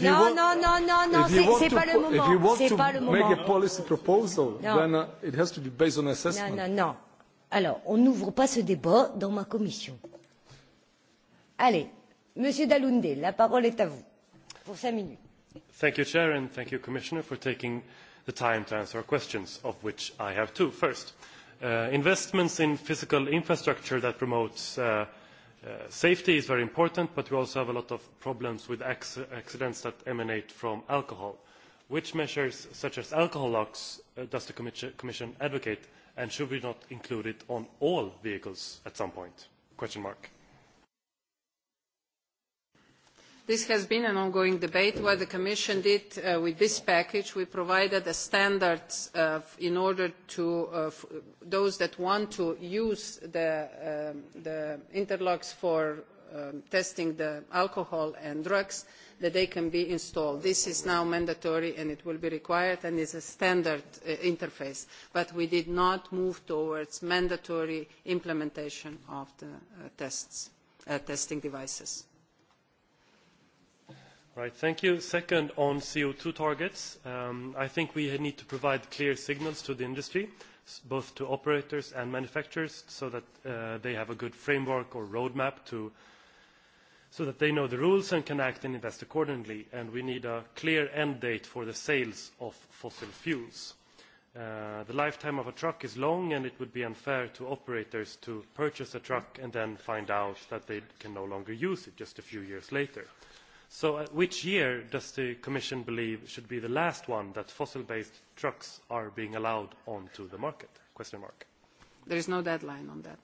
No, non, non, non, non, c'est pas le moment. If you want to pas le make moment. a policy proposal, non. then uh, it has to be based on assessment. Non, non, non. Alors, on n'ouvre pas ce débat dans ma commission. Allez, Monsieur Dalunde, la parole est à vous pour cinq minutes. Thank you, Chair, and thank you, Commissioner, for taking the time to answer questions, of which I have two. First, uh, investments in physical infrastructure that promotes uh, Uh, safety is very important but we also have a lot of problems with accidents that emanate from alcohol. which measures such as alcohol locks uh, does the commission advocate and should we not include it on all vehicles at some point? Question mark. this has been an ongoing debate. What the Commission did uh, with this package, we provided a standard uh, in order to uh, those that want to use the, um, the interlocks for um, testing the alcohol and drugs, that they can be installed. This is now mandatory and it will be required and is a standard uh, interface. But we did not move towards mandatory implementation of the uh, tests, uh, testing devices. Right, thank you. Second, on CO2 targets, um, I think we need to provide clear signals to the industry, both to operators and manufacturers, so that uh, they have a good framework or roadmap to, so that they know the rules and can act and invest accordingly. And we need a clear end date for the sales of fossil fuels. Uh, the lifetime of a truck is long, and it would be unfair to operators to purchase a truck and then find out that they can no longer use it just a few years later. So uh, which year does the Commission believe should be the last one that fossil-based trucks are being allowed onto the market? Question mark. There is no deadline on that.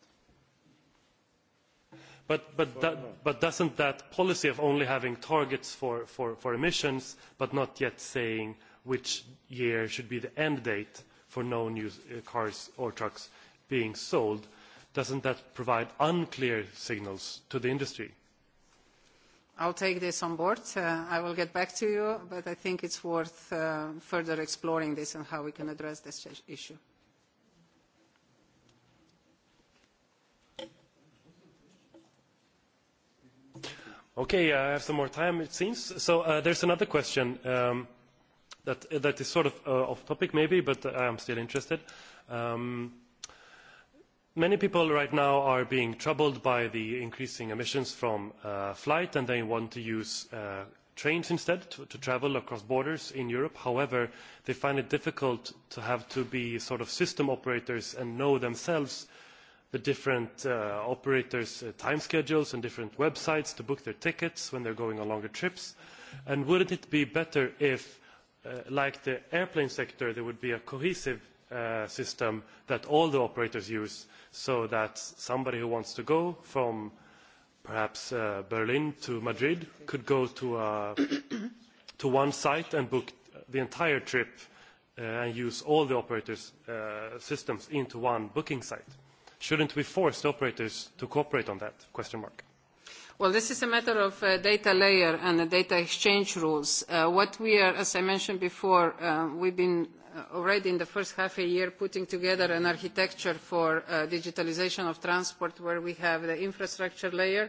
But, but, that, no. but doesn't that policy of only having targets for, for, for emissions but not yet saying which year should be the end date for no new uh, cars or trucks being sold, doesn't that provide unclear signals to the industry? I'll take this on board. Uh, I will get back to you, but I think it's worth uh, further exploring this and how we can address this issue. Okay, I have some more time, it seems. So uh, there's another question um, that, that is sort of uh, off topic maybe, but I am still interested. Um, many people right now are being troubled by the increasing emissions from uh, flight and they want to use uh, trains instead to, to travel across borders in europe. however they find it difficult to have to be sort of system operators and know themselves the different uh, operators' uh, time schedules and different websites to book their tickets when they are going on longer trips and wouldn't it be better if uh, like the airplane sector there would be a cohesive uh, system that all the operators use so that somebody who wants to go from perhaps uh, Berlin to Madrid could go to, uh, [coughs] to one site and book the entire trip uh, and use all the operators' uh, systems into one booking site. Shouldn't we force the operators to cooperate on that? Question mark. Well, this is a matter of uh, data layer and the data exchange rules. Uh, what we are, as I mentioned before, uh, we've been Uh, already in the first half a year putting together an architecture for uh, digitalisation of transport where we have the infrastructure layer,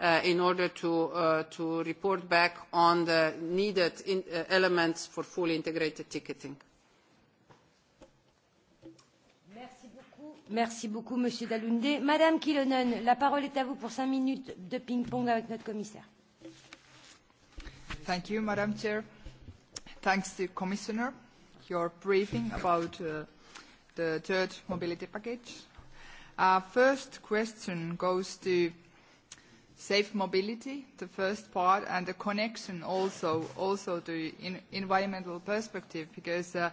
Uh, in order uh, to, report back on the needed in, uh, elements for fully integrated ticketing. Merci beaucoup, Monsieur Dalunde. Madame Kilonen, la parole est à vous pour cinq minutes de ping-pong avec notre commissaire. Thank you, Madam Chair. Thanks to Commissioner, your briefing about uh, the third mobility package. Our uh, first question goes to safe mobility, the first part, and the connection also, also to in environmental perspective, because uh,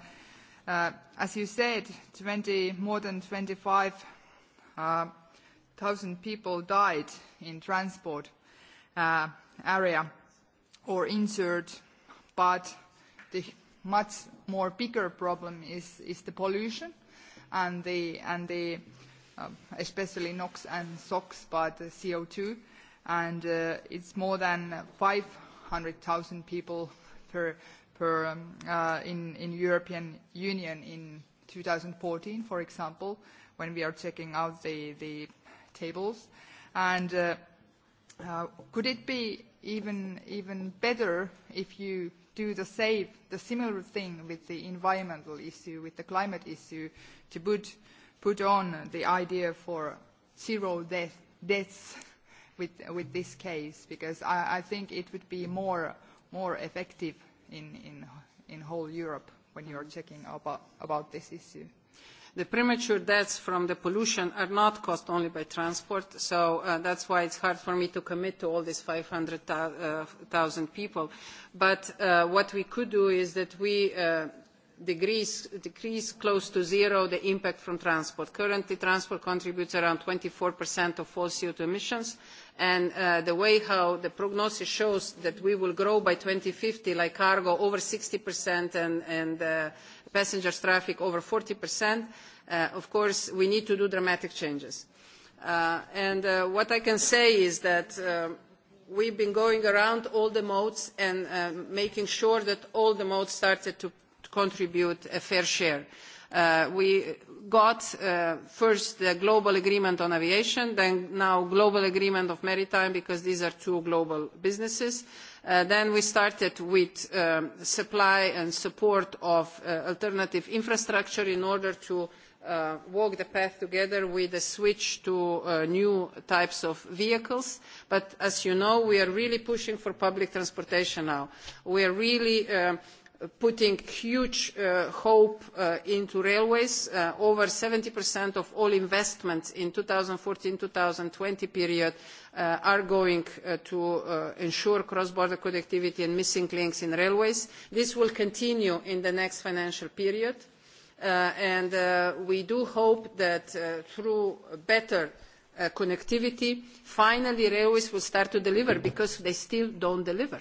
uh, as you said, 20, more than 25,000 uh, people died in transport area or injured, but the much more bigger problem is, is the pollution and the, and the especially NOx and SOx, but the CO2 and uh, it's more than 500,000 people per, per, um, uh, in, in European Union in 2014, for example, when we are checking out the, the tables. And uh, uh, could it be even, even better if you do the same, the similar thing with the environmental issue, with the climate issue, to put, put on the idea for zero death, deaths with, with this case because I, I think it would be more, more effective in, in, in whole Europe when you are checking about, about this issue. The premature deaths from the pollution are not caused only by transport, so uh, that's why it's hard for me to commit to all these 500,000 uh, people. But uh, what we could do is that we uh, decrease close to zero the impact from transport. Currently, transport contributes around 24% of all co two emissions, and uh, the way how the prognosis shows that we will grow by fifty, like cargo over 60% and, and uh, passengers traffic over 40%, uh, of course, we need to do dramatic changes. Uh, and uh, what I can say is that uh, we have been going around all the modes and making sure that all the modes started to contribute a fair share. Uh, we got uh, first the global agreement on aviation, then now global agreement of maritime, because these are two global businesses. Uh, then we started with um, supply and support of uh, alternative infrastructure in order to Uh, walk the path together with a switch to uh, new types of vehicles. But as you know, we are really pushing for public transportation now. We are really um, putting huge uh, hope uh, into railways. Uh, over 70% of all investments in 2014-2020 period uh, are going uh, to uh, ensure cross-border connectivity and missing links in railways. This will continue in the next financial period. and we do hope that through better connectivity, finally railways will start to deliver because they still don't deliver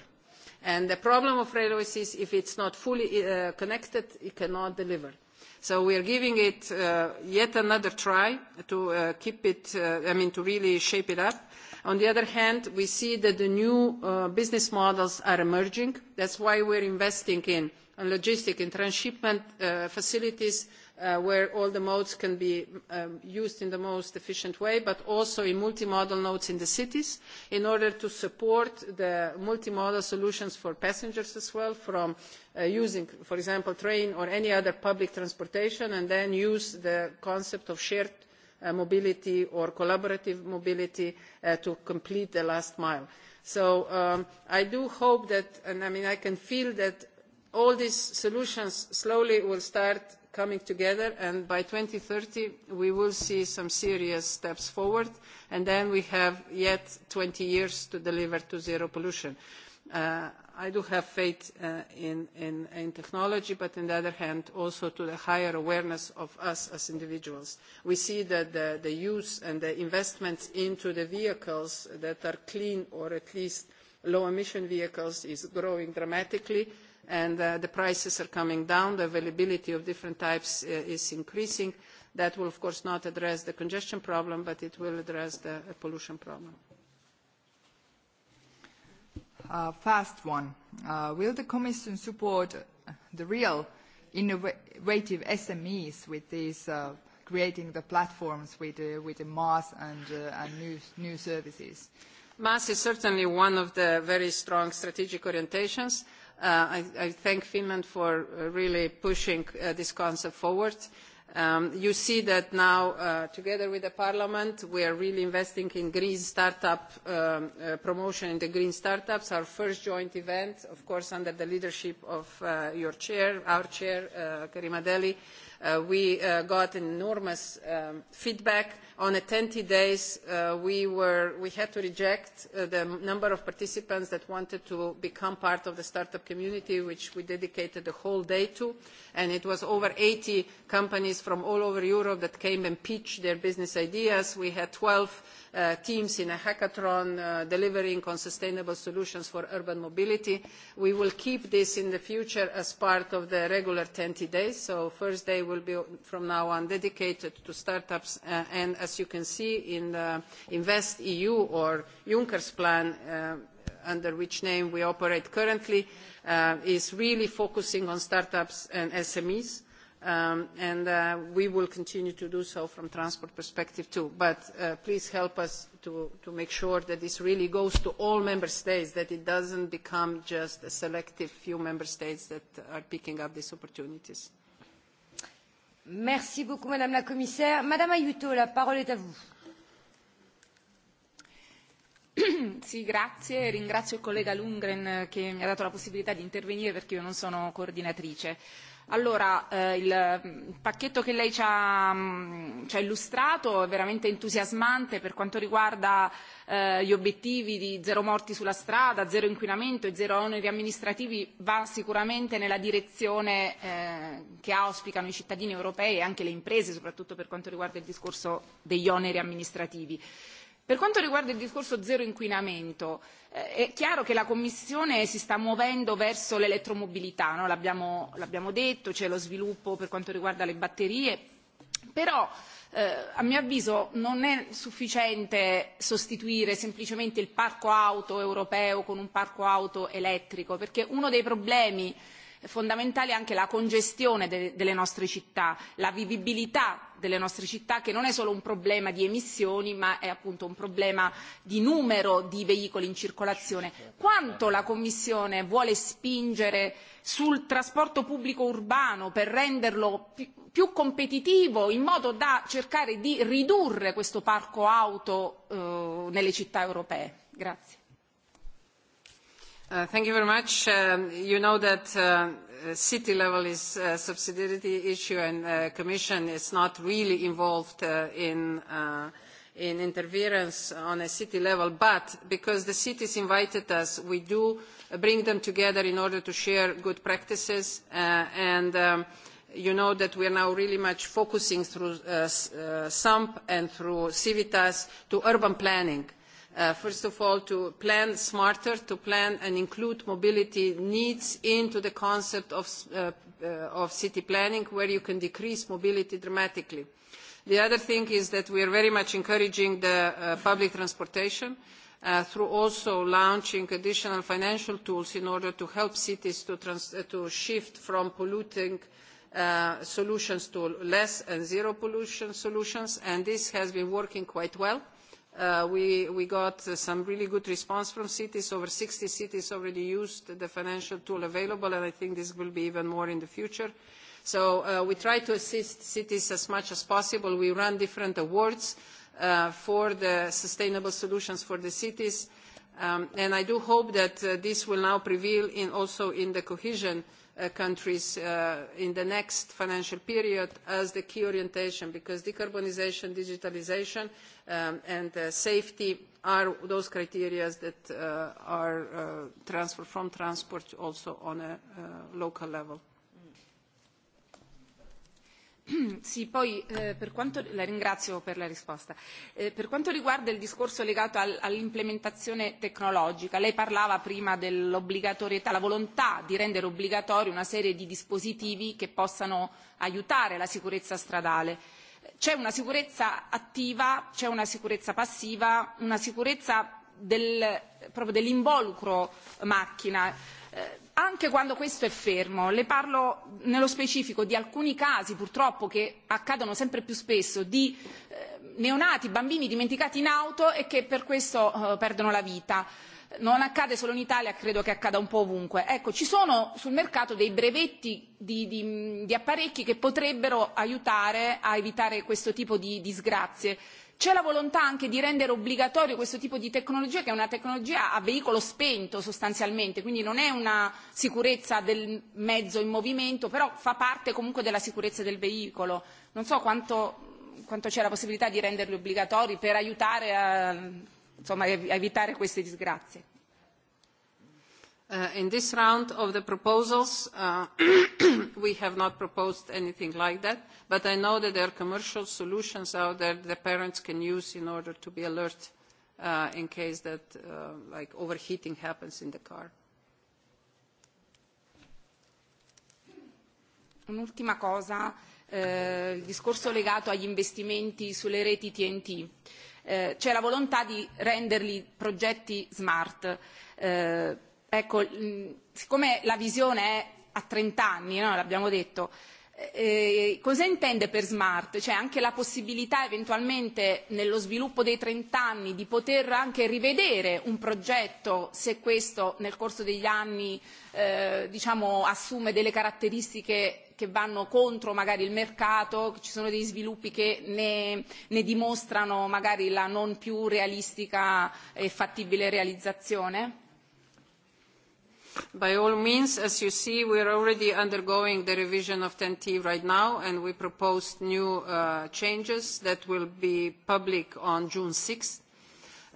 And the problem of railways is if it's not fully uh, connected, it cannot deliver. So we are giving it uh, yet another try to uh, keep it, uh, I mean, to really shape it up. On the other hand, we see that the new uh, business models are emerging. That's why we're investing in, in logistics and transshipment uh, facilities, Uh, where all the modes can be um, used in the most efficient way, but also in multimodal nodes in the cities in order to support the multimodal solutions for passengers as well from uh, using, for example, train or any other public transportation and then use the concept of shared uh, mobility or collaborative mobility uh, to complete the last mile. So um, I do hope that, and I mean I can feel that all these solutions slowly will start coming together and by thirty we will see some serious steps forward and then we have yet twenty years to deliver to zero pollution. Uh, I do have faith uh, in, in, in, technology, but on the other hand, also to the higher awareness of us as individuals. We see that the, the use and the investments into the vehicles that are clean or at least low-emission vehicles is growing dramatically and uh, the prices are coming down, the availability of different types uh, is increasing. That will, of course, not address the congestion problem, but it will address the uh, pollution problem. Uh, fast one. Uh, will the Commission support the real innovative SMEs with these uh, creating the platforms with, uh, with the mass and, uh, and new, new services? Mass is certainly one of the very strong strategic orientations Uh, I, I thank Finland for uh, really pushing uh, this concept forward. Um, you see that now, uh, together with the Parliament, we are really investing in green startup um, uh, promotion in the green startups, our first joint event, of course, under the leadership of uh, your chair, our chair, Karima Delli Uh, we uh, got enormous um, feedback. On 20 days, uh, we, were, we had to reject uh, the number of participants that wanted to become part of the startup community, which we dedicated the whole day to. And it was over eighty companies from all over Europe that came and pitched their business ideas. We had twelve Uh, teams in a hackathon uh, delivering on sustainable solutions for urban mobility. We will keep this in the future as part of the regular 10T days. So first day will be from now on dedicated to startups. Uh, and as you can see in the Invest EU or Juncker's plan, uh, under which name we operate currently, uh, is really focusing on startups and SMEs Um, and uh, we will continue to do so from transport perspective too. But uh, please help us to, to make sure that this really goes to all member states, that it doesn't become just a selective few member states that are picking up these opportunities. Merci beaucoup, Madame la Commissaire. Madame Aiuto, la parole est à vous. [coughs] Sì, grazie. Ringrazio il collega Lundgren eh, che mi ha dato la possibilità di intervenire perché io non sono coordinatrice Allora, eh, il mm, pacchetto che lei ci ha, mh, mm, ci ha illustrato è veramente entusiasmante per quanto riguarda eh, gli obiettivi di zero morti sulla strada, zero inquinamento e zero oneri amministrativi, va sicuramente nella direzione eh, che auspicano i cittadini europei e anche le imprese, soprattutto per quanto riguarda il discorso degli oneri amministrativi Per quanto riguarda il discorso zero inquinamento, eh, è chiaro che la Commissione si sta muovendo verso l'elettromobilità, no? l'abbiamo, l'abbiamo detto, c'è lo sviluppo per quanto riguarda le batterie, però eh, a mio avviso non è sufficiente sostituire semplicemente il parco auto europeo con un parco auto elettrico, perché uno dei problemi eh, fondamentale anche la congestione de delle nostre città, la vivibilità delle nostre città che non è solo un problema di emissioni ma è appunto un problema di numero di veicoli in circolazione. Quanto la Commissione vuole spingere sul trasporto pubblico urbano per renderlo più, più competitivo in modo da cercare di ridurre questo parco auto eh, nelle città europee? Grazie. Uh, thank you very much. Um, you know that uh, city level is a subsidiarity issue and the uh, Commission is not really involved in, interference on a city level, but because the cities invited us, we do bring them together in order to share good practices and um, you know that we are now really much focusing through SAMP and through Civitas to urban planning Uh, first of all, to plan smarter, to plan and include mobility needs into the concept of, uh, uh, of city planning, where you can decrease mobility dramatically. The other thing is that we are very much encouraging the uh, public transportation uh, through also launching additional financial tools in order to help cities to, uh, to shift from polluting solutions to less and zero pollution solutions, and this has been working quite well Uh, we, we got some really good response from cities. Over 60 cities already used the financial tool available, and I think this will be even more in the future. So uh, we try to assist cities as much as possible. We run different awards uh, for the sustainable solutions for the cities. Um, and I do hope that this will now prevail in also in the cohesion Uh, countries uh, in the next financial period as the key orientation because decarbonisation, digitalisation um, and uh, safety are those criteria that uh, are uh, transferred from transport also on a local level. [clears throat] Sì, poi eh, per quanto, la ringrazio per la risposta. Eh, per quanto riguarda il discorso legato al, all'implementazione tecnologica, lei parlava prima dell'obbligatorietà, la volontà di rendere obbligatorio una serie di dispositivi che possano aiutare la sicurezza stradale. C'è una sicurezza attiva, c'è una sicurezza passiva, una sicurezza del, proprio dell'involucro macchina. Eh, anche quando questo è fermo le parlo nello specifico di alcuni casi purtroppo che accadono sempre più spesso di eh, neonati bambini dimenticati in auto e che per questo eh, perdono la vita non accade solo in Italia, credo che accada un po' ovunque. Ecco, ci sono sul mercato dei brevetti di, di, di apparecchi che potrebbero aiutare a evitare questo tipo di disgrazie c'è la volontà anche di rendere obbligatorio questo tipo di tecnologia che è una tecnologia a veicolo spento sostanzialmente quindi non è una sicurezza del mezzo in movimento però fa parte comunque della sicurezza del veicolo non so quanto quanto c'è la possibilità di renderli obbligatori per aiutare a, insomma, a evitare queste disgrazie. Uh, in this round of the proposals, uh, [clears throat] we have not proposed anything like that, but I know that there are commercial solutions out there that parents can use in order to be alert uh, in case that like overheating happens in the car. Un'ultima cosa, eh, il discorso legato agli investimenti sulle reti TNT. T eh, C'è la volontà di renderli progetti smart. Eh, Ecco, siccome la visione è a 30 anni, no? l'abbiamo detto, eh, eh, cosa intende per smart? Cioè anche la possibilità eventualmente nello sviluppo dei 30 anni di poter anche rivedere un progetto se questo nel corso degli anni eh, diciamo, assume delle caratteristiche che vanno contro magari il mercato, ci sono dei sviluppi che ne, ne dimostrano magari la non più realistica e fattibile realizzazione? By all means, as you see, we are already undergoing the revision of ten t right now, and we proposed new uh, changes that will be public on June 6th.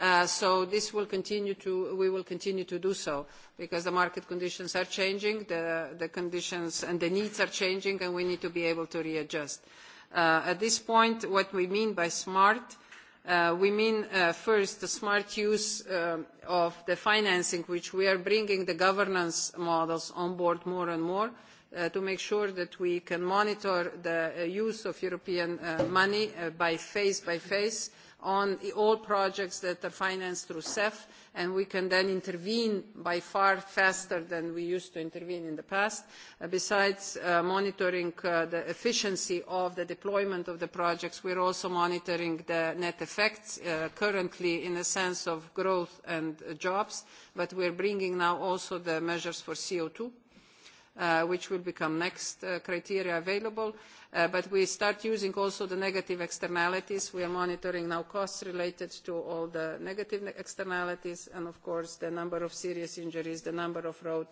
Uh, so this will continue to, we will continue to do so because the market conditions are changing, the, conditions and the needs are changing, and we need to be able to readjust. Uh, at this point, what we mean by smart Uh, we mean uh, first the smart use uh, of the financing which we are bringing the governance models on board more and more Uh, to make sure that we can monitor the uh, use of European uh, money uh, by phase by phase on all projects that are financed through CEF, and we can then intervene by far faster than we used to intervene in the past, uh, besides uh, monitoring the efficiency of the deployment of the projects. we are also monitoring the net effects currently in the sense of growth and jobs, but we are bringing now also the measures for co two Uh, which will become next uh, criteria available. Uh, but we start using also the negative externalities. We are monitoring now costs related to all the negative externalities and, of course, the number of serious injuries, the number of road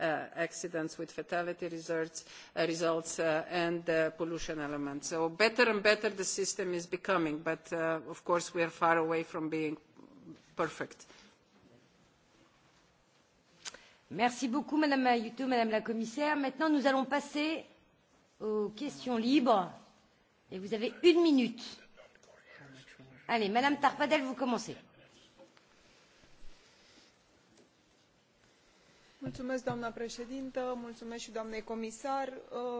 accidents with fatality results, results and the pollution element. So better and better the system is becoming, but, of course, we are far away from being perfect. Merci beaucoup, Madame Ayuto, Madame la Commissaire. Maintenant, nous allons passer aux questions libres. Et vous avez une minute. Allez, Madame Tarpadel, vous commencez. Mulțumesc, președintă, mulțumesc și doamnei comisar.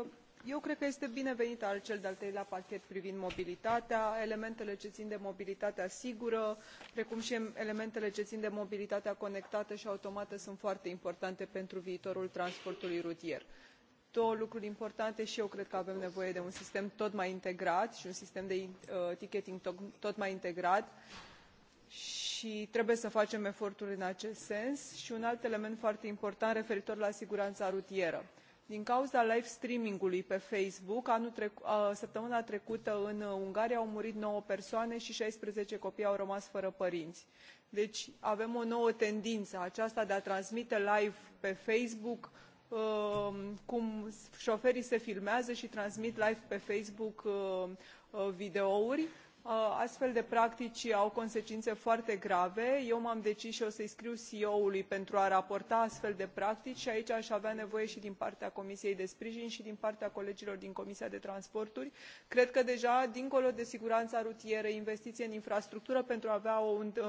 Uh eu cred că este binevenit cel de al treilea pachet privind mobilitatea elementele ce țin de mobilitatea sigură precum și elementele ce țin de mobilitatea conectată și automată sunt foarte importante pentru viitorul transportului rutier două lucruri importante și eu cred că avem nevoie de un sistem tot mai integrat și un sistem de uh, ticketing tot, tot mai integrat și trebuie să facem eforturi în acest sens și un alt element foarte important referitor la siguranța rutieră din cauza live streaming ului pe facebook săptămâna trecută în ungaria au murit nouă persoane și șaisprezece copii au rămas fără părinți. deci avem o nouă tendință aceasta de a transmite live pe facebook um, cum șoferii se filmează și transmit live pe facebook um, uh, videouri Uh, astfel de practici au consecințe foarte grave eu m am decis și o să i scriu ceo ului pentru a raporta astfel de practici și aici aș avea nevoie și din partea comisiei de sprijin și din partea colegilor din comisia pentru transporturi. cred că deja dincolo de siguranța rutieră investiții în infrastructură pentru a avea o uh,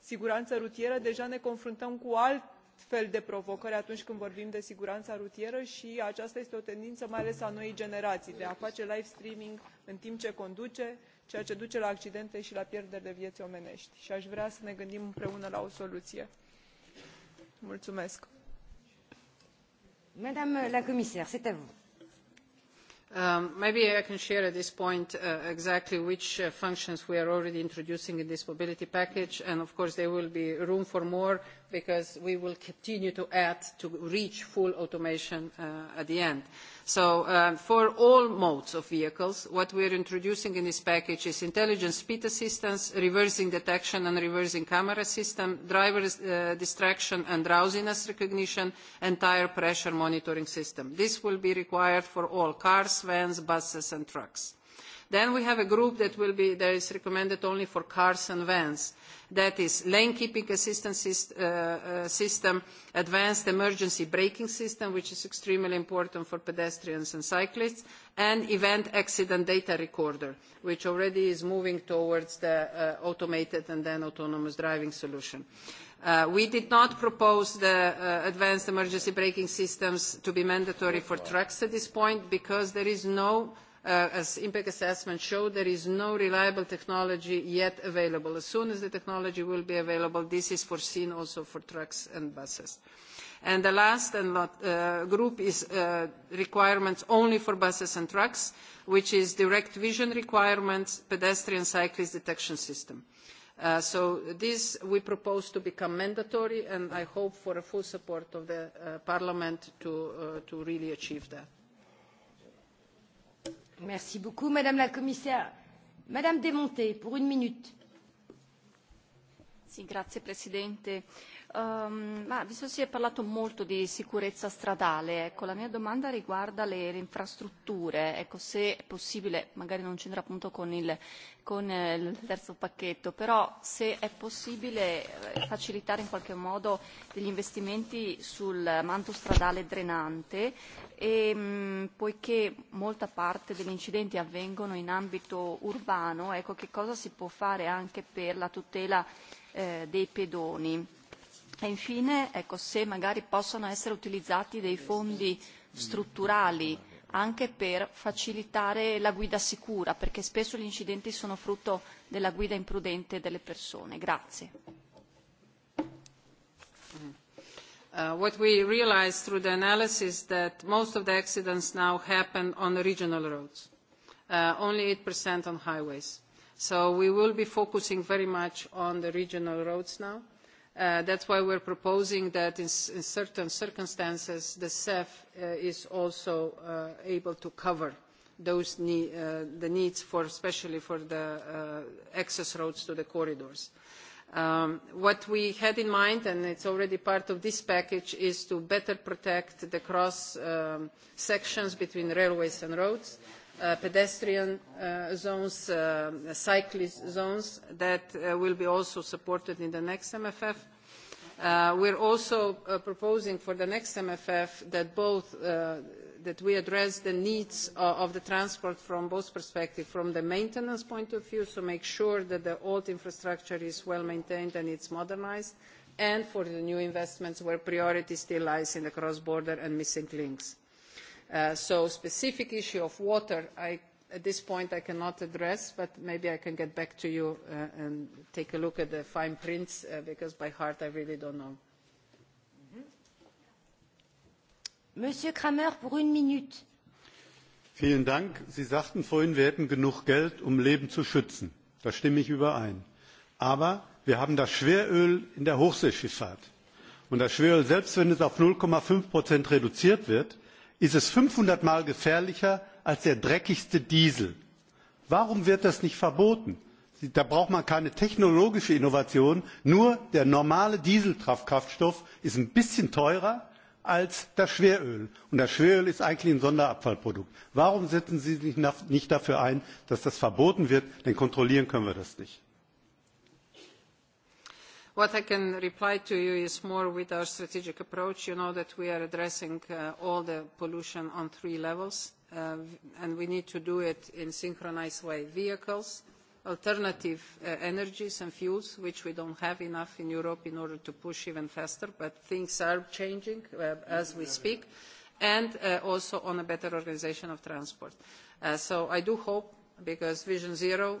siguranță rutieră deja ne confruntăm cu alt fel de provocări atunci când vorbim de siguranța rutieră și aceasta este o tendință mai ales a noii generații de a face live streaming în timp ce conduce ceea ce duce la accidente și la pierderi de viei omenești. Și aș vrea să ne gândim împreună la o soluție. Mulțumesc. Madame la commissaire, c'est à vous. Um, maybe I can share at this point uh, exactly which uh, functions we are already introducing in this mobility package, and of course there will be room for more because we will continue to add to reach full automation uh, at the end. Uh, so uh, for all modes of vehicles, what we are introducing in this package is intelligent speed assistance, reversing detection and reversing camera system, driver uh, distraction and drowsiness recognition, and tire pressure monitoring system. This will be required for all cars, vans, buses, and trucks. Then we have a group that will be, that is recommended only for cars and vans. That is lane keeping assistance uh, uh, system, advanced emergency braking system, which is extremely important for pedestrians and cyclists, and event accident data recorder, which already is moving towards the uh, automated and then autonomous driving solution. we did not propose the advanced emergency braking systems to be mandatory for trucks at this point because there is no Uh, as impact assessments show there is no reliable technology yet available. as soon as the technology will be available this is foreseen also for trucks and buses. the last and uh, group is uh, requirements only for buses and trucks which is direct vision requirements pedestrian cyclist detection system. so this we propose to become mandatory and i hope for the full support of parliament to, to really achieve that. Merci beaucoup, Madame la Commissaire. Madame Desmonté, pour une minute. Sì, grazie Presidente. Um, ma visto si è parlato molto di sicurezza stradale, ecco, la mia domanda riguarda le, le infrastrutture, ecco, se è possibile, magari non c'entra appunto con il, con eh, il terzo pacchetto, però se è possibile eh, facilitare in qualche modo degli investimenti sul manto stradale drenante, e, ehm, mh, poiché molta parte degli incidenti avvengono in ambito urbano, ecco, che cosa si può fare anche per la tutela eh, dei pedoni? E infine, ecco, se magari possono essere utilizzati dei fondi strutturali anche per facilitare la guida sicura, perché spesso gli incidenti sono frutto della guida imprudente delle persone. Grazie. Mm. Uh, what we realized through the analysis that most of the accidents now happen on the regional roads, uh, only 8% on highways. So we will be focusing very much on the regional roads now Uh, that is why we are proposing that in, certain circumstances the cef uh, is also uh, able to cover the needs for especially for the access roads to the corridors. Um, what we had in mind and it is already part of this package is to better protect the cross um, sections between railways and roads Uh, pedestrian uh, zones, uh, cyclist zones that uh, will be also supported in the next MFF. Uh, we are also proposing for the next MFF that both that we address the needs of, of the transport from both perspectives, from the maintenance point of view, so make sure that the old infrastructure is well maintained and it's modernised, and for the new investments where priority still lies in the cross-border and missing links. So uh, so specific issue of water, I, at this point I cannot address, but maybe I can get back to you uh, and take a look at the fine prints, uh, because by heart I really don't know. Mm-hmm. Monsieur Kramer, pour une minute. Vielen Dank. Sie sagten vorhin, wir hätten genug Geld, um Leben zu schützen. Da stimme ich überein. Aber wir haben das Schweröl in der Hochseeschifffahrt. Und das Schweröl, selbst wenn es auf null fünf reduziert wird, ist es fünfhundert Mal gefährlicher als der dreckigste Diesel. Warum wird das nicht verboten? Da braucht man keine technologische Innovation. Nur der normale Dieselkraftstoff ist ein bisschen teurer als das Schweröl. Und das Schweröl ist eigentlich ein Sonderabfallprodukt. Warum setzen Sie sich nicht dafür ein, dass das verboten wird? Denn kontrollieren können wir das nicht. What I can reply to you is more with our strategic approach. You know that we are addressing uh, all the pollution on three levels, uh, and we need to do it in a synchronised way. Vehicles, alternative uh, energies and fuels, which we do not have enough in Europe in order to push even faster, but things are changing as we speak, and also on a better organisation of transport. so I do hope, because Vision Zero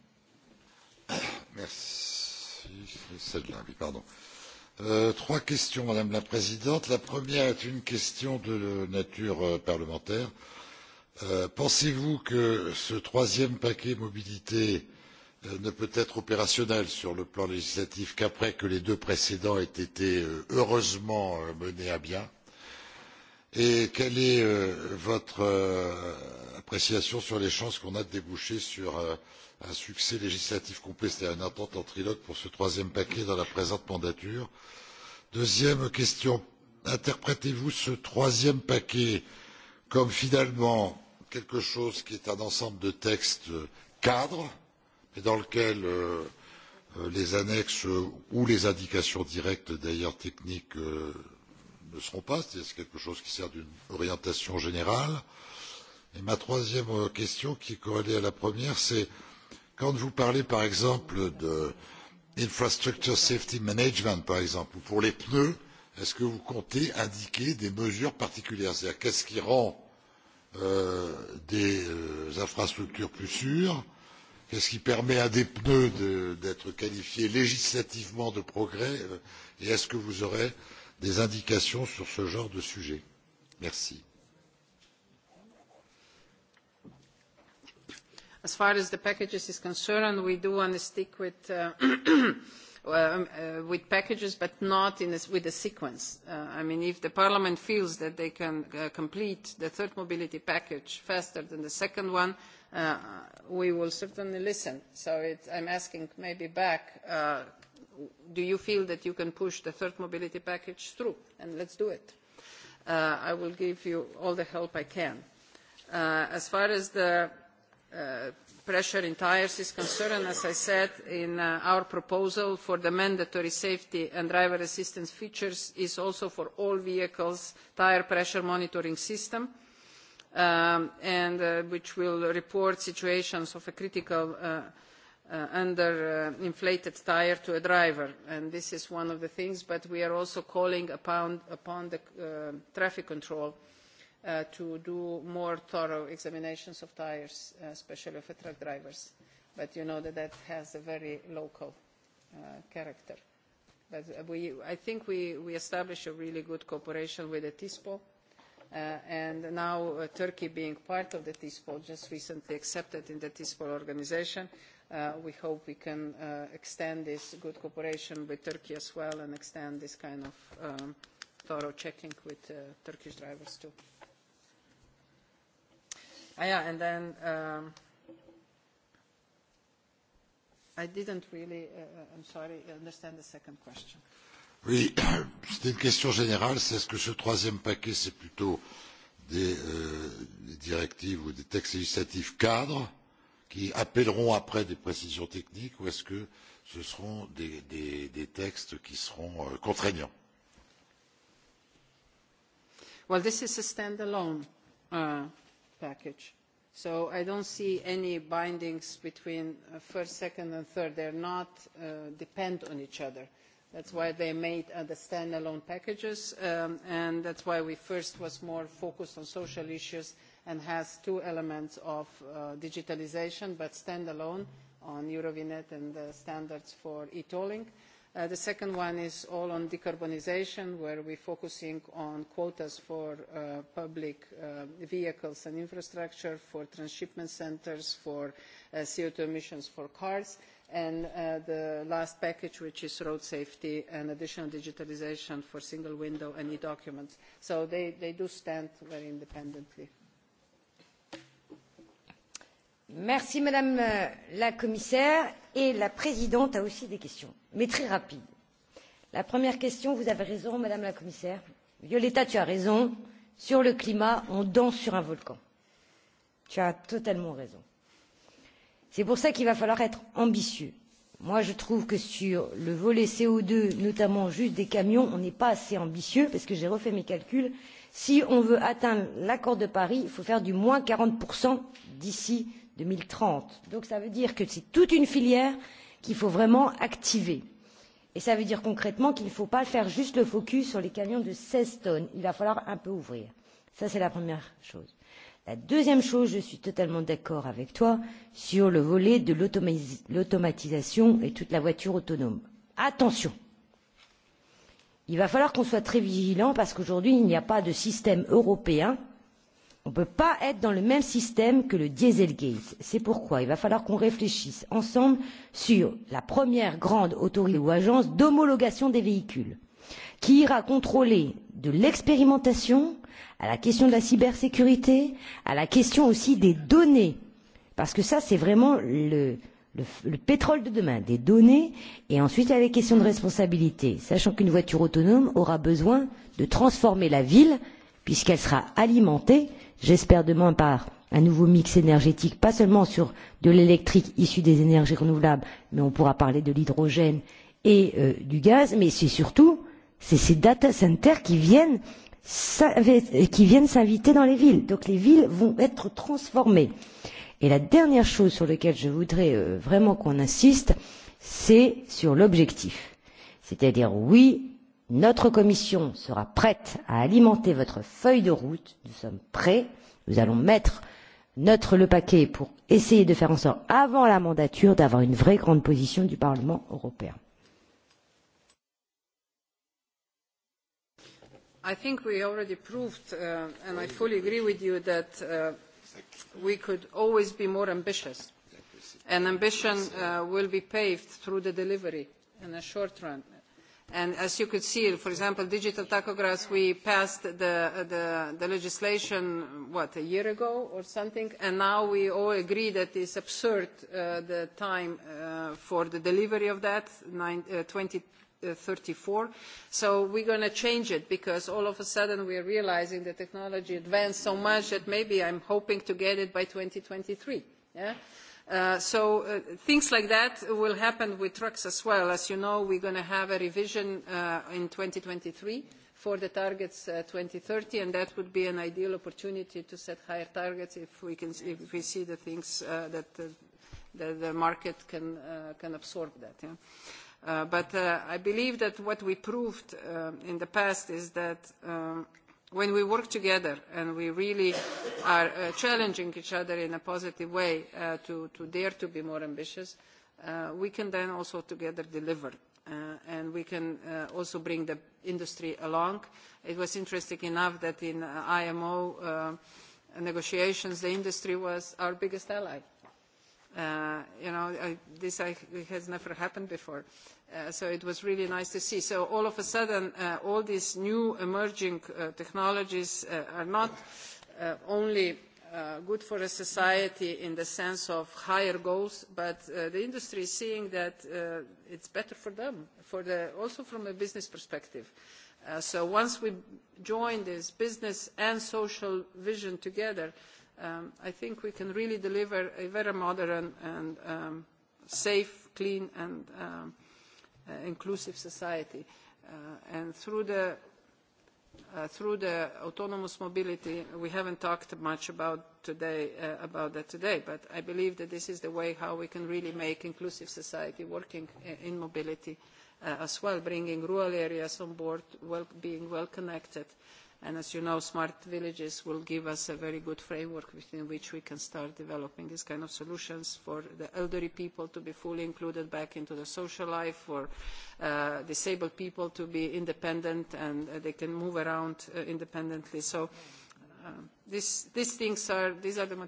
Euh, trois questions, Madame la Présidente. La première est une question de nature euh, parlementaire. Euh, pensez-vous que ce troisième paquet mobilité ne peut être opérationnel sur le plan législatif qu'après que les deux précédents aient été heureusement menés à bien et quelle est votre appréciation sur les chances qu'on a de déboucher sur un succès législatif complet, c'est-à-dire une entente en trilogue pour ce troisième paquet dans la présente mandature. Deuxième question, interprétez-vous ce troisième paquet comme finalement quelque chose qui est un ensemble de textes cadres, mais dans lequel euh, euh les annexes ou les indications directes d'ailleurs techniques euh, ne seront pas, c'est-à-dire quelque chose qui sert d'une orientation générale. Et ma troisième euh, question qui est corrélée à la première, c'est euh, quand vous parlez par exemple de infrastructure safety management par exemple ou pour les pneus est ce que vous comptez indiquer des mesures particulières c'est à dire qu'est ce qui rend euh, des euh, infrastructures plus sûres qu'est ce qui permet à des pneus d'être qualifiés législativement de progrès et est ce que vous aurez des indications sur ce genre de sujet? merci. As far as the packages is concerned, we do want to stick with, uh, [clears throat] um, uh, with packages, but not in a, with a sequence. Uh, I mean, if the Parliament feels that they can uh, complete the third mobility package faster than the second one, uh, we will certainly listen. So it, I'm asking maybe back, uh, do you feel that you can push the third mobility package through? And let's do it. Uh, I will give you all the help I can. Uh, as far as the Uh, pressure in tyres is concerned, as I said, in uh, our proposal for the mandatory safety and driver assistance features is also for all vehicles tyre pressure monitoring system, um, and uh, which will report situations of a critical under inflated tyre to a driver. And this is one of the things, but we are also calling upon, the traffic control Uh, to do more thorough examinations of tyres, uh, especially for truck drivers. But you know that that has a very local uh, character. But uh, we, I think we, we established a really good cooperation with the TISPO, uh, and now uh, Turkey being part of the TISPO, just recently accepted in the TISPO organization, uh, we hope we can uh, extend this good cooperation with Turkey as well and extend this kind of um, thorough checking with uh, Turkish drivers too. Ah, yeah, and then um, I didn't really, uh, uh I'm sorry, understand the second question. Oui, c'était [coughs] une question générale. C'est ce que ce troisième paquet, c'est plutôt des, euh, des directives ou des textes législatifs cadres qui appelleront après des précisions techniques ou est-ce que ce seront des, des, des textes qui seront euh, contraignants Well, this is a standalone uh, package. So I don't see any bindings between uh, first, second and third. They are not uh, depend on each other. That's why they made uh, the standalone packages um, and that's why we first was more focused on social issues and has two elements of uh, digitalization but standalone on Eurovinet and the standards for e-tolling. Uh, the second one is all on decarbonisation, where we are focusing on quotas for uh, public uh, vehicles and infrastructure, for transshipment centres, for co two emissions for cars, and the last package, which is road safety and additional digitalisation for single window and e-documents. So they, they do stand very independently. Merci Madame euh, la Commissaire et la Présidente a aussi des questions, mais très rapides. La première question, vous avez raison Madame la Commissaire. violeta tu as raison. Sur le climat, on danse sur un volcan. Tu as totalement raison. C'est pour cela qu'il va falloir être ambitieux. Moi, je trouve que sur le volet co deux, notamment juste des camions, on n'est pas assez ambitieux parce que j'ai refait mes calculs. Si on veut atteindre l'accord de Paris, il faut faire du moins quarante d'ici deux mille trente donc cela veut dire que c'est toute une filière qu'il faut vraiment activer et cela veut dire concrètement qu'il ne faut pas faire juste le focus sur les camions de seize tonnes il va falloir un peu ouvrir ça c'est la première chose. la deuxième chose je suis totalement d'accord avec toi sur le volet de l'automatisation et toute la voiture autonome. attention il va falloir qu'on soit très vigilant parce qu'aujourd'hui il n'y a pas de système européen on ne peut pas être dans le même système que le Dieselgate. C'est pourquoi il va falloir qu'on réfléchisse ensemble sur la première grande autorité ou agence d'homologation des véhicules qui ira contrôler de l'expérimentation à la question de la cybersécurité, à la question aussi des données. Parce que ça, c'est vraiment le, le, le pétrole de demain, des données, et ensuite a les questions de responsabilité, sachant qu'une voiture autonome aura besoin de transformer la ville puisqu'elle sera alimentée, j'espère demain par un nouveau mix énergétique, pas seulement sur de l'électrique issu des énergies renouvelables, mais on pourra parler de l'hydrogène et euh, du gaz, mais c'est surtout c'est ces data centers qui viennent qui viennent s'inviter dans les villes. Donc les villes vont être transformées. Et la dernière chose sur laquelle je voudrais euh, vraiment qu'on insiste, c'est sur l'objectif. C'est-à-dire, oui, Notre commission sera prête à alimenter votre feuille de route. Nous sommes prêts. Nous allons mettre notre le paquet pour essayer de faire en sorte, avant la mandature, d'avoir une vraie grande position du Parlement européen. I think we already proved, uh, and I fully agree with you, that uh, we could always be more ambitious. And ambition uh, will be paved through the delivery in the short run And as you could see, for example, digital tachographs, we passed the, the, the legislation, what, a year ago or something, and now we all agree that it's absurd uh, the time uh, for the delivery of that, nine, uh, thirty 2034. So we're going to change it because all of a sudden we are realizing the technology advanced so much that maybe I'm hoping to get it by 2023. Yeah? Uh, so uh, things like that will happen with trucks as well. As you know, we're going to have a revision uh, in 2023 for the targets uh, 2030, and that would be an ideal opportunity to set higher targets if we, can, if we see the things uh, that the, the market can, uh, can absorb that. Uh, but uh, I believe that what we proved uh, in the past is that um, when we work together and we really are uh, challenging each other in a positive way uh, to, to dare to be more ambitious, uh, we can then also together deliver. Uh, and we can uh, also bring the industry along. It was interesting enough that in uh, IMO uh, negotiations, the industry was our biggest ally. Uh, Uh, you know, I, this I, has never happened before. Uh, so it was really nice to see. So all of a sudden, uh, all these new emerging uh, technologies uh, are not uh, only uh, good for a society in the sense of higher goals, but uh, the industry is seeing that uh, it's better for them, for the, also from a business perspective. Uh, so once we join this business and social vision together, uh, um, I think we can really deliver a very modern and um, safe, clean and um, uh, inclusive society. Uh, and through the, uh, through the autonomous mobility, we haven't talked much about, today, uh, about that today, but I believe that this is the way how we can really make inclusive society working uh, in mobility uh, as well, bringing rural areas on board, well, being well connected, And as you know, smart villages will give us a very good framework within which we can start developing these kinds of solutions for the elderly people to be fully included back into the social life, for uh, disabled people to be independent and uh, they can move around uh, independently. So these things are, these are the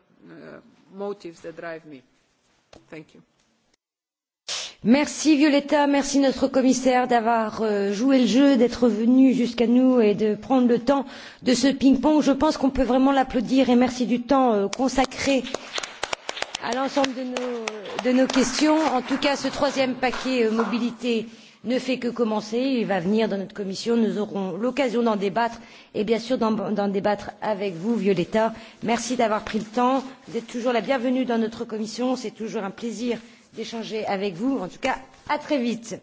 motives that drive me. Thank you. Merci Violetta, merci notre commissaire d'avoir euh, joué le jeu, d'être venu jusqu'à nous et de prendre le temps de ce ping-pong. Je pense qu'on peut vraiment l'applaudir et merci du temps euh, consacré à l'ensemble de, nos, questions. En tout cas, ce troisième paquet euh, mobilité ne fait que commencer. Il va venir dans notre commission. Nous aurons l'occasion d'en débattre et bien sûr d'en débattre avec vous, Violetta. Merci d'avoir pris le temps. Vous êtes toujours la bienvenue dans notre commission. C'est toujours un plaisir d'échanger avec vous. En tout cas, à très vite.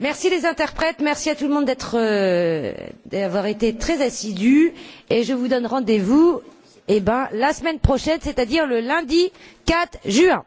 Merci les interprètes, merci à tout le monde euh, d'avoir été très assidus et je vous donne rendez-vous eh la semaine prochaine, c'est-à-dire le lundi quatre juin.